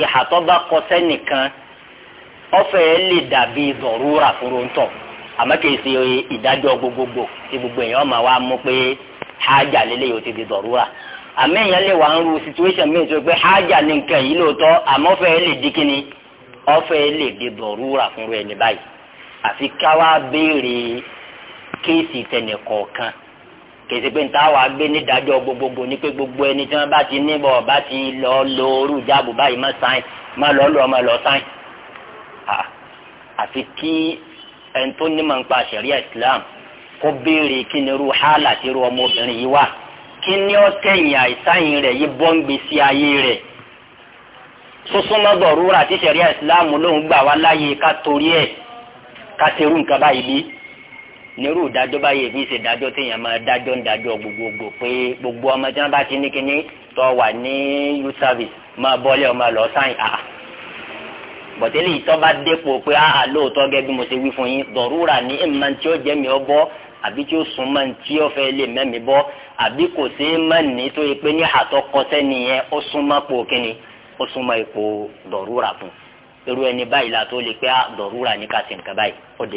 ìhà tó bá kọ sẹ́nìkan ọ̀fẹ́ lè dàbí dọ̀rúra fúróńtọ̀ àmọ́ kì í ṣe ìdájọ́ gbogbo èèyàn máa wá mú pé hájà lélẹ́yìí ó ti di dọ̀rúra àmọ́ èèyàn lè wà ń ru situation míì tó pé hájà ní nǹkan yìí lóòótọ́ àmọ́ ọ̀fẹ́ lè di kíni ọ̀fẹ́ lè di ẹni báyìí àfi kéèsì tẹnìkọ̀ọ̀kan kèsì pé níta wàá gbé nídàájọ́ gbogbogbò ní pé gbogbo ẹni tí wọ́n bá ti níbọ̀ bá ti lọ lo orú ìjáàbù báyìí má sáyìn má lọ lọ má lọ sáyìn. àfi kí ẹni tó ní màá ń pa àṣẹríà Islam kó béèrè kí ni irú hálà tí irú ọmọbìnrin yìí wà kí ni ó tẹ̀yìn àìsáyìn rẹ̀ yìí bọ́ ń gbé sí ayé rẹ̀. sọ́sọ́mọ́dọ̀ rúra tí àṣẹríà Islam lóun gbà wá láyé ká torí ẹ̀ ká ṣerú nǹkan báyìí nírú ìdájọ́ báyìí kì í ṣe ìdájọ́ téèyàn máa dájọ́ ń dájọ́ gbogbogbò pé gbogbo ọmọ tí wọ́n bá ti ní kínní tó wà ní youth service máa bọ́lé ọmọ lọ sáyìn àá bọ̀tẹ́lì ìtọ́ bá dépò pé àá ah, ah, lóòótọ́ gẹ́gẹ́ bí mo ṣe wí fún yín dọ̀rúra ní ìmọ̀ tí ó jẹ́ mi ọ bọ́ àbí tí ó sùn mọ́ tí ó fẹ́ lè mẹ́mi bọ́ àbí kò sí mọ́ ní tó yẹ pé ní nìyẹn ó sún mọ́ pò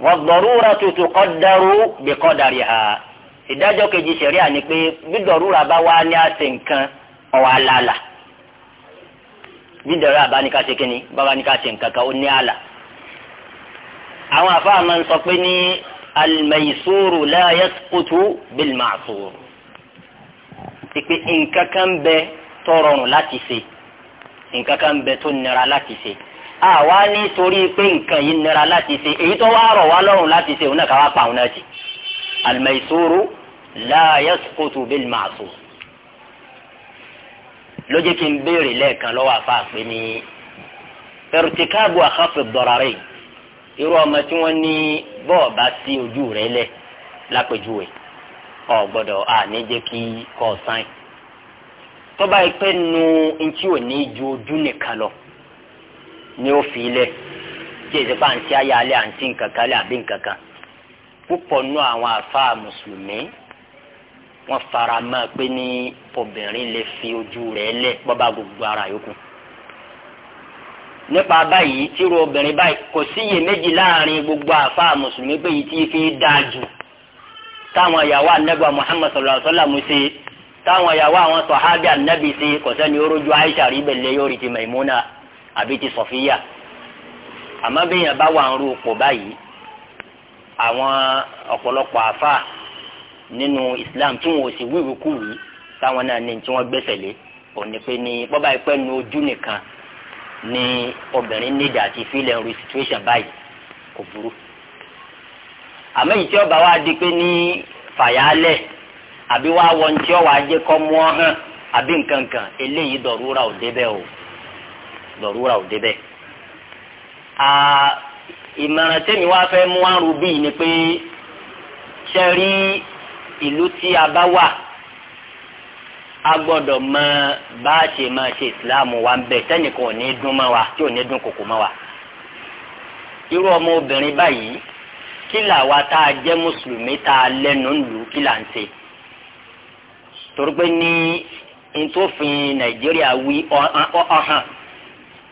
wad-daruratu tuqaddaru biqadariha ìdájọ́ kejì ṣẹ̀ríà ni pé bí dọ̀rúra bá wá ní àṣẹ nǹkan ọ̀wọ́ àlàlà bí dọ̀rúra bá ní ká ṣe kínní bá ní ká ṣe nǹkan kan ó ní àlà. àwọn àfáà máa ń sọ pé ní al-maysuru la yasqutu bil-ma'sur pípé nǹkan kan bẹ tó láti ṣe nǹkan kan bẹ tó nira láti ṣe àwa nítorí pé nǹkan yìí nira láti ṣe èyí tó wá rọ̀ wá lọ́rùn láti ṣe òun náà ká wá pa òun náà jì al-maysuru la yasqutu bil-ma'sur ló jẹ́ kí n béèrè lẹ́ẹ̀kan lọ́wọ́ àfa àpè ní irtikabu akhaf ad irú ọmọ tí wọ́n ní bọ́ọ̀bá sí ojú rẹ̀ lẹ̀ lápèjúwe ọ̀ gbọ́dọ̀ àní jẹ́ kí kọ́ sáìn tọ́ba ìpẹ́ nu ntí ò ní ju ojú nìkan lọ ni ó fi lẹ̀ tí èsì pa àǹtí ayálẹ̀ àǹtí nkankan lẹ̀ àbí nkankan púpọ̀ nù àwọn àfa mùsùlùmí wọ́n fara mọ́ pé ní obìnrin lè fi ojú rẹ̀ lẹ̀ bọ́ba gbogbo ara yòókù nípa báyìí tíru obìnrin báyìí kò síyè méjì láàrin gbogbo àfa mùsùlùmí pé yìí tí fi dáa jù táwọn ìyàwó anabi muhammad sallallahu alaihi wa sallam ṣe táwọn ìyàwó àwọn sọ̀hábì anabi ṣe kò sẹ́ni orójú aisha rí bẹ̀lẹ́ yóò rí ti maimuna àbí ti sọ̀fíyà àmọ́ béèyàn bá wà ń ru ipò báyìí àwọn ọ̀pọ̀lọpọ̀ àfà nínú Islam tí wọn ò sì wíwì kú wí táwọn náà ní tí wọ́n gbẹ́sẹ̀ lé òní pé ní bọ́bá ìpẹ́ nu ojú nìkan ni obìnrin nídìí àti fílẹ̀ ń ru situation báyìí kò burú àmọ́ ìtí ọba wa di pé ní fàyálẹ̀ àbí wàá wọ ní tí ọwọ́ ajé kọ́ mú ọ hàn àbí nǹkan eléyìí dọ̀rúra ò débẹ̀ o. lọ́rùúrà ò débẹ̀. ìmọ̀ràn wá fẹ́ mú àrùn ni pé ṣe rí ìlú tí a bá wà a gbọ́dọ̀ mọ bá a ṣe máa wa ń bẹ̀ tẹ́nìkan ò ní dún wa tí ò ní dún kòkò mọ́ wa. irú ọmọ obìnrin báyìí kí làwa tá a jẹ́ mùsùlùmí tá a lẹ́nu ń lù kí là ń ṣe. torí pé ní ntòfin nàìjíríà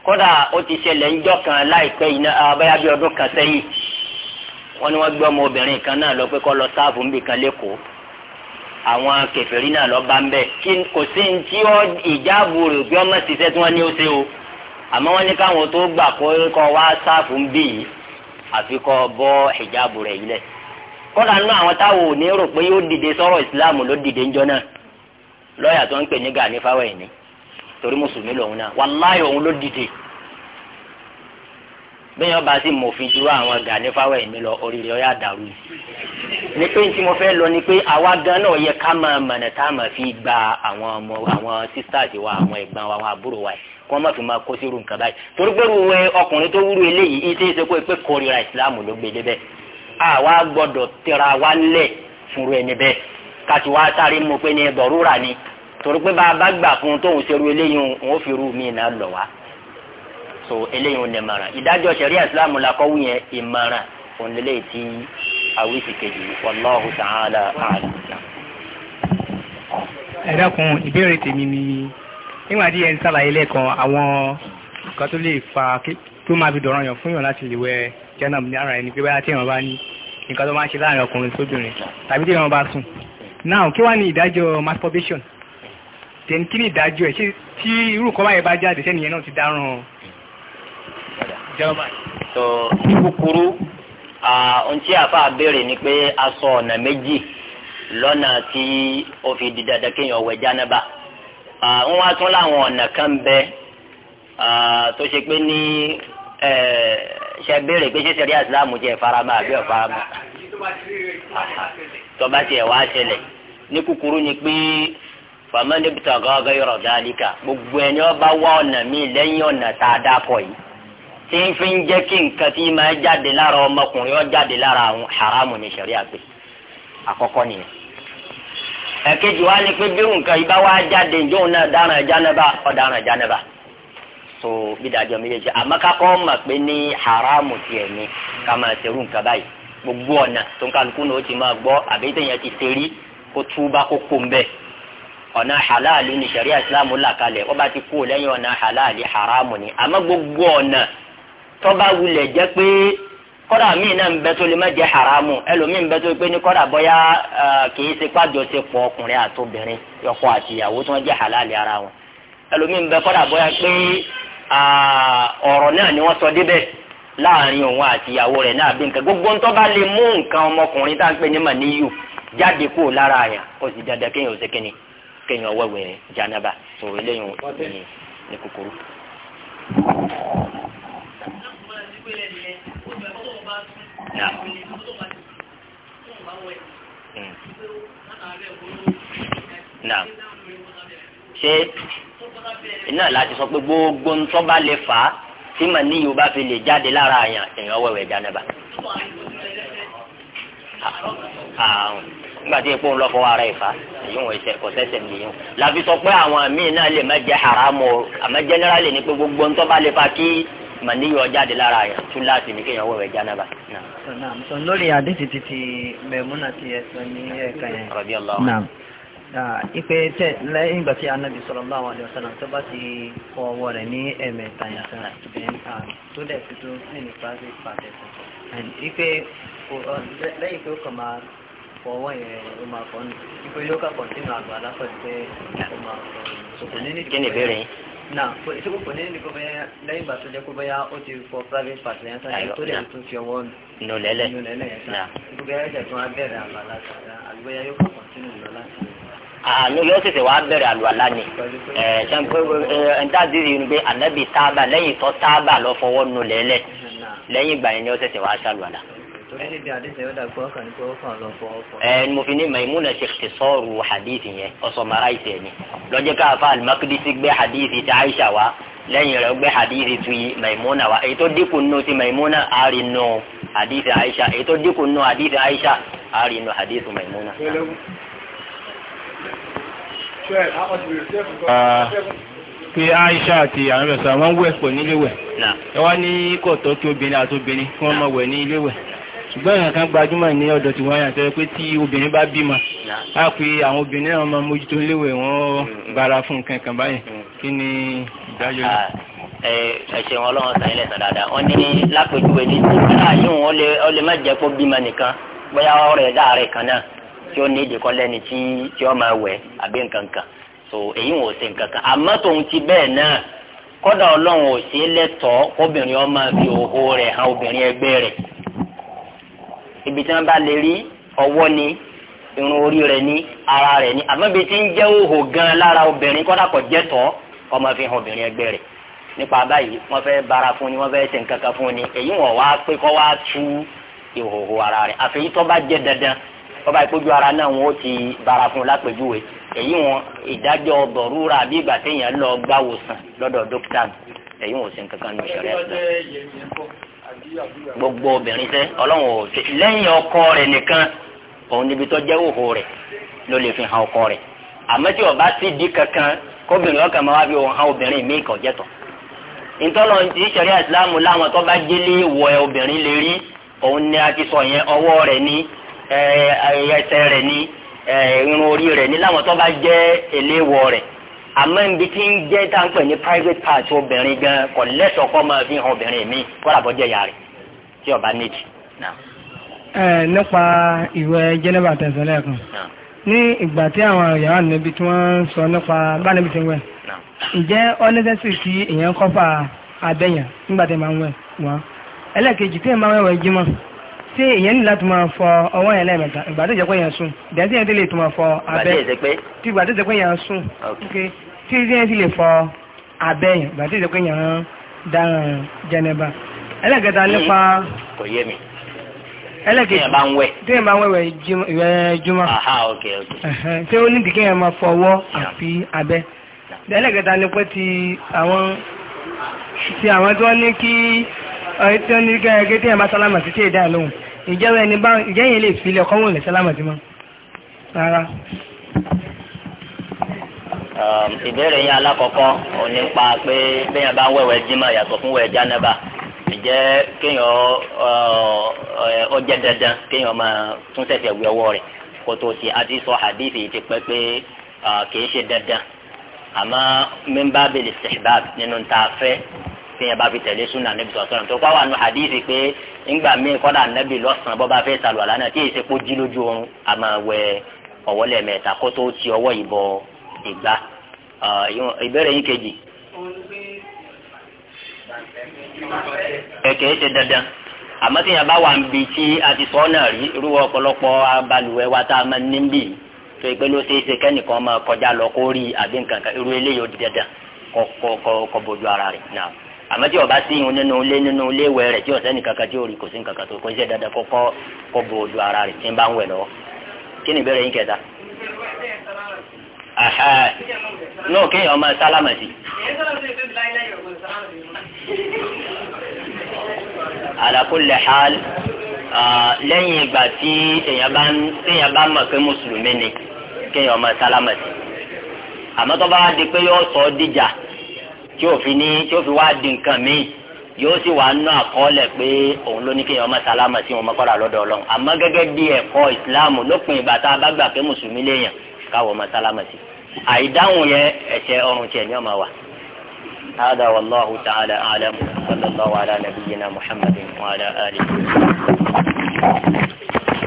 kódà ó ti ṣẹlẹ̀ ńjọ́ kan láìpẹ́ yìí náà abáyá ah, bíi ọdún kan sẹ́yìn wọ́n ní wọ́n gbé ọmọ kan náà lọ pé kó lọ sáàfù níbi kan lẹ́kọ̀ọ́ àwọn keferi náà lọ bá ń bẹ̀ kò sí ní tí ó ìjáàbù rẹ̀ bí ọmọ ṣiṣẹ́ tí wọ́n ní ó ṣe o àmọ́ wọ́n ní káwọn tó gbà kó wá sáàfù ń bì àfi bọ́ ìjáàbù rẹ̀ kódà nínú àwọn táwọn ò ní torí mùsùlùmí lòun náà wàláyé òun ló dìde bẹ́ẹ̀ ọba sì mọ̀fin ju àwọn Gani Fáwẹ́hìnmí lọ oríire ọ̀yà dàrú yìí ní pé tí mo fẹ́ lọ ni pé àwa gan náà yẹ ká máa mọ̀nà tá a máa fi gba àwọn ọmọ àwọn sisters wa àwọn ẹ̀gbọ́n wa àwọn àbúrò wa yìí kí wọ́n má fi máa kó sírù nǹkan báyìí torí pé ruwẹ́ ọkùnrin tó wúru eléyìí ìṣe é ṣe pé pé kórìíra ìsìláàmù ló gbé débẹ̀ àwa gbọ́dọ̀ tẹra wa lẹ̀ fúnru ẹni bẹ́ẹ̀ ká ti sáré mú pé ní ẹbọ ni torí pé bá a bá gbà fún un tóun ṣerú eléyìí wọn ò fi rú mi náà lọ wá so eléyìí ń lẹ́mọ̀ràn ìdájọ́ sẹ̀ríà islam làkọ́wù yẹn ìmọ̀ràn òun lè ti àwísì kejì wallahu ta'ala a'lam. ẹ dákun ìbéèrè tèmi ni nígbà tí ẹni sàlàyé lẹ́ẹ̀kan àwọn nǹkan tó lè fa tó máa fi dọ̀ràn yàn fún yàn láti lè wẹ jẹ́nà ní ara ẹni pé báyà tí èèyàn bá ní nǹkan tó máa ṣe láàrin ọkùnrin sóbìnrin tàbí tí èèyàn bá sùn. now kí wàá ní ìdájọ́ masturbation then kí ni ìdájọ́ ẹ̀ ṣe tí irú nǹkan báyìí bá jáde sẹ́niyẹn náà ti dáràn german. so ní kúkúrú ohun tí àfa béèrè ni pé a sọ ọ̀nà méjì lọ́nà tí ó fi di dandan kéèyàn wẹ̀ jánábà wọ́n wá tún láwọn ọ̀nà kan bẹ tó ṣe pé ní ṣe béèrè pé ṣé sẹ́rí àsìlámù jẹ́ ìfaramọ́ àbí ọ̀faramọ́ tọ́ba tiẹ̀ wá ṣẹlẹ̀ ní kúkúrú ni pé faman ibtagha ghayra dhalika gbogbo ẹni ọba wá ọ̀nà mi lẹ́yìn ọ̀nà tá a dákọ̀ yìí tí ń fi ń jẹ́ kí nǹkan tí máa jáde lára ọmọkùnrin ó jáde lára àwọn haramu ní sẹ̀ríà pé àkọ́kọ́ nìyẹn. ẹ̀kejì wa ni pé bí nǹkan yìí bá wá jáde ǹjọ́ náà dáràn jánaba ọ̀daràn jánaba so bí dàjọ́ méjèèjì àmọ́ kakọ́ mọ̀ pé ní haramu tiẹ̀ ni ká máa ṣerú nǹkan báyìí gbogbo ọ̀nà tó ń kálukú náà ó ti máa gbọ́ àbí ti ṣe rí kó túbá kó ọ̀nà halali ni sariya islam là kalẹ̀ ó bá ti kú lẹ́yìn ọ̀nà halali haramu ni àmọ́ gbogbo ọ̀nà tó bá wulẹ̀ jẹ́ pé kọ́dà míì náà ń bẹ tó lè má jẹ́ haramu ẹlòmíì ń bẹ tó pé ní kọ́dà bọ́yá kìí ṣe pàjọṣepọ̀ ọkùnrin àtobìnrin ọkọ àtìyàwó tó ń jẹ́ halali ara wọn ẹlòmíì ń bẹ kọ́dà bọ́yá pé ọ̀rọ̀ náà ni wọ́n sọ débẹ̀ láàrin òun àtìyàwó rẹ̀ náà bí nǹkan gbogbo ńtọ́ lè mú nǹkan ọmọkùnrin tá à ń pè ní màníyù jáde kúrò lára àyàn ó sì dandan kéèyàn ó ṣe kéèyàn wẹ̀ wẹ̀ jánaba tó eléyìí ní ní kúkúrú. naam ṣé iná láti sọ pé gbogbo ń tọ́ bá lè fà á tí mà ní yorùbá fi lè jáde lára àyàn èèyàn wẹ̀wẹ̀ jánaba nígbà tí epo ń lọ fọwọ́ ara ìfà èyí wọn ṣe kò sẹ́sẹ̀ nìyí o làbí sọ pé àwọn míì náà lè má jẹ́ haramu o àmọ́ jẹ́nẹ́rálì ni pé gbogbo ń tọ́ba lè fa kí màníyàn jáde lára yẹn tún láti ní kéèyàn wẹ̀wẹ̀ jánábà. lórí àdéhùn títí mẹ̀múnà ti ẹ̀sán ní ẹ̀ka yẹn. rọ̀bí ọlọ́run ipe tẹ lẹ́yìn ìgbà tí anabi sallallahu alaihi wasallam tó bá ti fọ ọwọ́ rẹ̀ ní ẹ̀mẹ̀ta yàtọ̀ tó lẹ́yìn pé ó kàn máa fọwọ́ yẹn ló máa fọ́ nù nítorí yóò kàkọ́ sínú àgbà alápẹ̀lú pé ó máa fọ́ nù. kí ni ìbéèrè yín. na ìṣòro kò ní ní kó bẹ́yà lẹ́yìn ìgbà tó jẹ́ kó bẹ́yà ó ti fọ private part yẹn sáyẹn tó lè tún fi ọwọ́ nù lẹ́lẹ̀ nù lẹ́lẹ̀ yẹn sáyẹn nítorí bẹ́yà ẹ̀jẹ̀ tó wá bẹ̀rẹ̀ àgbà aláṣà àgbẹ̀yà yóò kàkọ́ sínú ìlú àánú yóò ṣẹ̀ṣẹ̀ pé ànábì tábà lẹ́yìn tó tábà lọ fọwọ́ nù lẹ́lẹ̀ lẹ́yìn ìgbà yẹn ni ó ṣẹ̀ṣẹ̀ wàá ṣàlùwàlá torí níbi àdéhùn ẹ̀yọ́dà gbọ́ ọkàn ní gbọ́ ọkàn lọ fọ ọkọ. ẹ mo fi ní Maimuna ṣe ti sọ́ọ̀rù hadith yẹn ọ̀sọ̀mọ̀ àìsẹ̀ ni lọ́jọ́ ká àfa al-Maqdisi gbé hadith ti Aisha wa lẹ́yìn rẹ̀ gbé hadith tu Maimuna wa èyí tó dínkù nù ti Maimuna àárín nù hadith Aisha èyí tó dínkù nù hadith Aisha àárín nù hadith Maimuna. Ah, pé Aisha àti àwọn ẹ̀sán wọn wẹ̀ pọ̀ níléwẹ̀ ẹ wá ní kọ̀tọ́ kí obìnrin àti obìnrin kí wọ́n máa wẹ̀ ní iléwẹ̀ ṣùgbọ́n èèyàn kan gbajúmọ̀ ní ọ̀dọ̀ tí wọ́n yàn tẹ́ pé tí obìnrin bá bímọ á pé àwọn obìnrin náà máa mójútó léwẹ̀ wọ́n hmm. bára fún nǹkan kan báyìí hmm. kí ni ìdájọ́ yìí. ẹ̀ṣẹ̀ wọn lọ́wọ́ sàn ilẹ̀ sàn dáadáa wọ́n ní lápẹ̀júwe ní ti kíkà ah, yóò wọ́n lè má jẹ́ pé bímọ nìkan bóyá ọ̀rẹ́ dáàrẹ̀ kan náà tí ó ní ìdíkọ́ lẹ́ni tí ó máa wẹ̀ àbí nǹkan kan so èyí wọn ò ṣe nǹkan kan àmọ́ tòun ti bẹ́ẹ̀ náà kọ́dà ọlọ́run ò ṣe lẹ́tọ̀ọ́ kóbìnrin ọmọ fi òhó rẹ̀ hàn obìnrin ẹgbẹ́ rẹ̀ ibi tí wọ́n bá lè rí ọwọ́ ni irun orí rẹ̀ ni ara rẹ̀ ni àmọ́ ibi tí ń jẹ́ òhò gan lára obìnrin kọ́ jẹ́ tọ́ ọmọ fi hàn obìnrin ẹgbẹ́ rẹ̀ nípa báyìí wọ́n fẹ́ bára fún ni wọ́n fẹ́ ṣe nǹkan kan fún ni èyí wọ́n wá pé kọ́ wá tú ìhòhò ara rẹ̀ àfẹ́yí tó bá jẹ́ dandan wọ́n bá ìpójú ara náà wọ́n ti bára fún lápèjúwe èyí wọn ìdájọ́ dọ̀rúra àbí ìgbà téèyàn lọ gbáwòsàn lọ́dọ̀ dókítà èyí wọn ò sí nǹkan kan ní ìṣẹ̀lẹ̀ ẹ̀sìn gbogbo obìnrin sẹ́ ọlọ́run ò ṣe lẹ́yìn ọkọ rẹ̀ nìkan òun níbi tó jẹ́ òhò rẹ̀ ló lè fi hàn ọkọ rẹ̀ àmọ́ tí ọba ti di kankan kóbìnrin ọkàn máa wá bí òun hàn obìnrin míì kàn jẹ́tọ̀ ntọ́lọ̀ ti sẹ̀rí àsìlámù láwọn tó bá délé wọ obìnrin lè rí òun ni a ti sọ yẹn ọwọ́ rẹ̀ ní ẹsẹ̀ rẹ̀ ní irun orí rẹ̀ ní láwọn tó bá jẹ́ eléwọ̀ rẹ̀ àmọ́ níbi tí ń jẹ́ tá à ń pè ní private part obìnrin gan kò lẹ́sọ̀ kọ́ máa fi hàn obìnrin mi kọ́lá bọ́ jẹ́ ìyá rẹ̀ tí ọba méjì. ẹ nípa ìwẹ̀ jẹnẹba tẹsán lẹ́ẹ̀kan ní ìgbà tí àwọn ìyàwó níbi tí wọ́n sọ nípa bánibi ti ń wẹ̀ ǹjẹ́ ọ nẹ́sẹ̀sì kí èèyàn kọ́fà abẹ́yàn nígbà tí màá ń wẹ̀ wọ́n ẹlẹ́ẹ̀kejì tí èèyàn máa ń wẹ̀ jimá ṣé èyàn ní láti máa fọ ọwọ́ yẹn lẹ́ẹ̀mẹ́ta ìgbà tó jẹ́ pé yẹn sùn ìdá tí yẹn ti lè tó máa fọ abẹ́ tí ìgbà tó jẹ́ pé yẹn sùn tí yẹn ti lè fọ abẹ́ yẹn ìgbà tó jẹ́ pé yẹn dáhùn jẹnẹba ẹlẹ́kẹta nípa kò yé mi ẹlẹ́kẹta tí yẹn bá ń wẹ̀ tí yẹn bá ń wẹ̀ ìwẹ̀ jùmọ̀ tí ó ní dìkẹ́ yẹn máa fọwọ́ àfi abẹ́ ẹlẹ́kẹta nípa ti àwọn tí wọ́n ní kí ọ̀rẹ́ tí ó ní gẹ́gẹ́ tí ẹ̀ bá sálámà sí tí èdè àlóhùn ìjẹ́wọ́ ẹni bá ìjẹ́yìn lè fi ilẹ̀ ọkọ̀wọ̀n lè sálámà sí mọ́ rárá. Um, ìbéèrè yín alákọ̀ọ́kọ́ ò nípa pé béèyàn bá ń wẹ̀wẹ̀ jímọ̀ yàtọ̀ fún wẹ̀ jánẹ́bà ǹjẹ́ kéèyàn uh, ó jẹ́ dandan kéèyàn máa tún ṣẹ̀ṣẹ̀ wẹ ọwọ́ rẹ̀ kó tó ṣe àti sọ hadithi ti pẹ́ pé uh, kì í ṣe dandan àmọ́ mímbábìlì sèhbáb nínú ta fẹ́ tí yẹn bá fi tẹ̀lé súnà níbi sọ̀tọ̀ tó kọ́ wà nù hadith pé ńgbà míì kọ́dà nẹ́bì lọ́sàn-án bọ́ bá fẹ́ sàlùwàlá náà tí èsèpó jí lójú oorun a máa wẹ ọwọ́ lẹ́ẹ̀mẹ́ta kó tó ti ọwọ́ ìbọ ìgbà ìbéèrè yín kejì. kẹ̀kẹ́ ṣe dandan àmọ́ tí yẹn bá wà níbi tí a ti sọ náà rí irú ọ̀pọ̀lọpọ̀ abalùwẹ̀ wa tá a máa ní bì tó ìpè ló ṣeé ṣe kẹ́nìkan máa kọjá lọ kó rí àbí nǹkan kan irú eléyìí ó di dandan kọ kọ kọ bójú ara rẹ̀ náà àmọ́ tí ọba sí ìhun nínú ilé nínú ilé ìwẹ̀ rẹ̀ tí ọ̀sẹ́ nìkankan tí ó rí kò sí nǹkankan tó kọ́ iṣẹ́ dandan kọ́kọ́ kọ́ bo ojú ara rẹ̀ tí ń bá ń wẹ̀ lọ́wọ́ kí ni ìbéèrè yín kẹta. náà kéèyàn ọmọ sálámà sí. ala kulli hal lẹ́yìn ìgbà tí èèyàn bá mọ̀ pé mùsùlùmí ni kéèyàn ọmọ sálámà sí. àmọ́ tó bá di pé yóò sọ ọ́ dìjà tí ó fi ní tí ó fi wá di nǹkan míì yóò sì wá ná àkọọ́lẹ̀ pé òun ló ní kéèyàn ọmọ sálámà sí wọn mọ́kànlá lọ́dọ̀ ọlọ́run àmọ́ gẹ́gẹ́ bí ẹ̀kọ́ ìsìláàmù lópin ìgbà tá a bá gbà pé mùsùlùmí léèyàn káwọ́ ọmọ sálámà sí àìdáhùn yẹn ẹ̀ṣẹ̀ ọrùn tiẹ̀ ní ọmọ wa. هذا والله تعالى أعلم صلى الله على نبينا محمد وعلى آله وسلم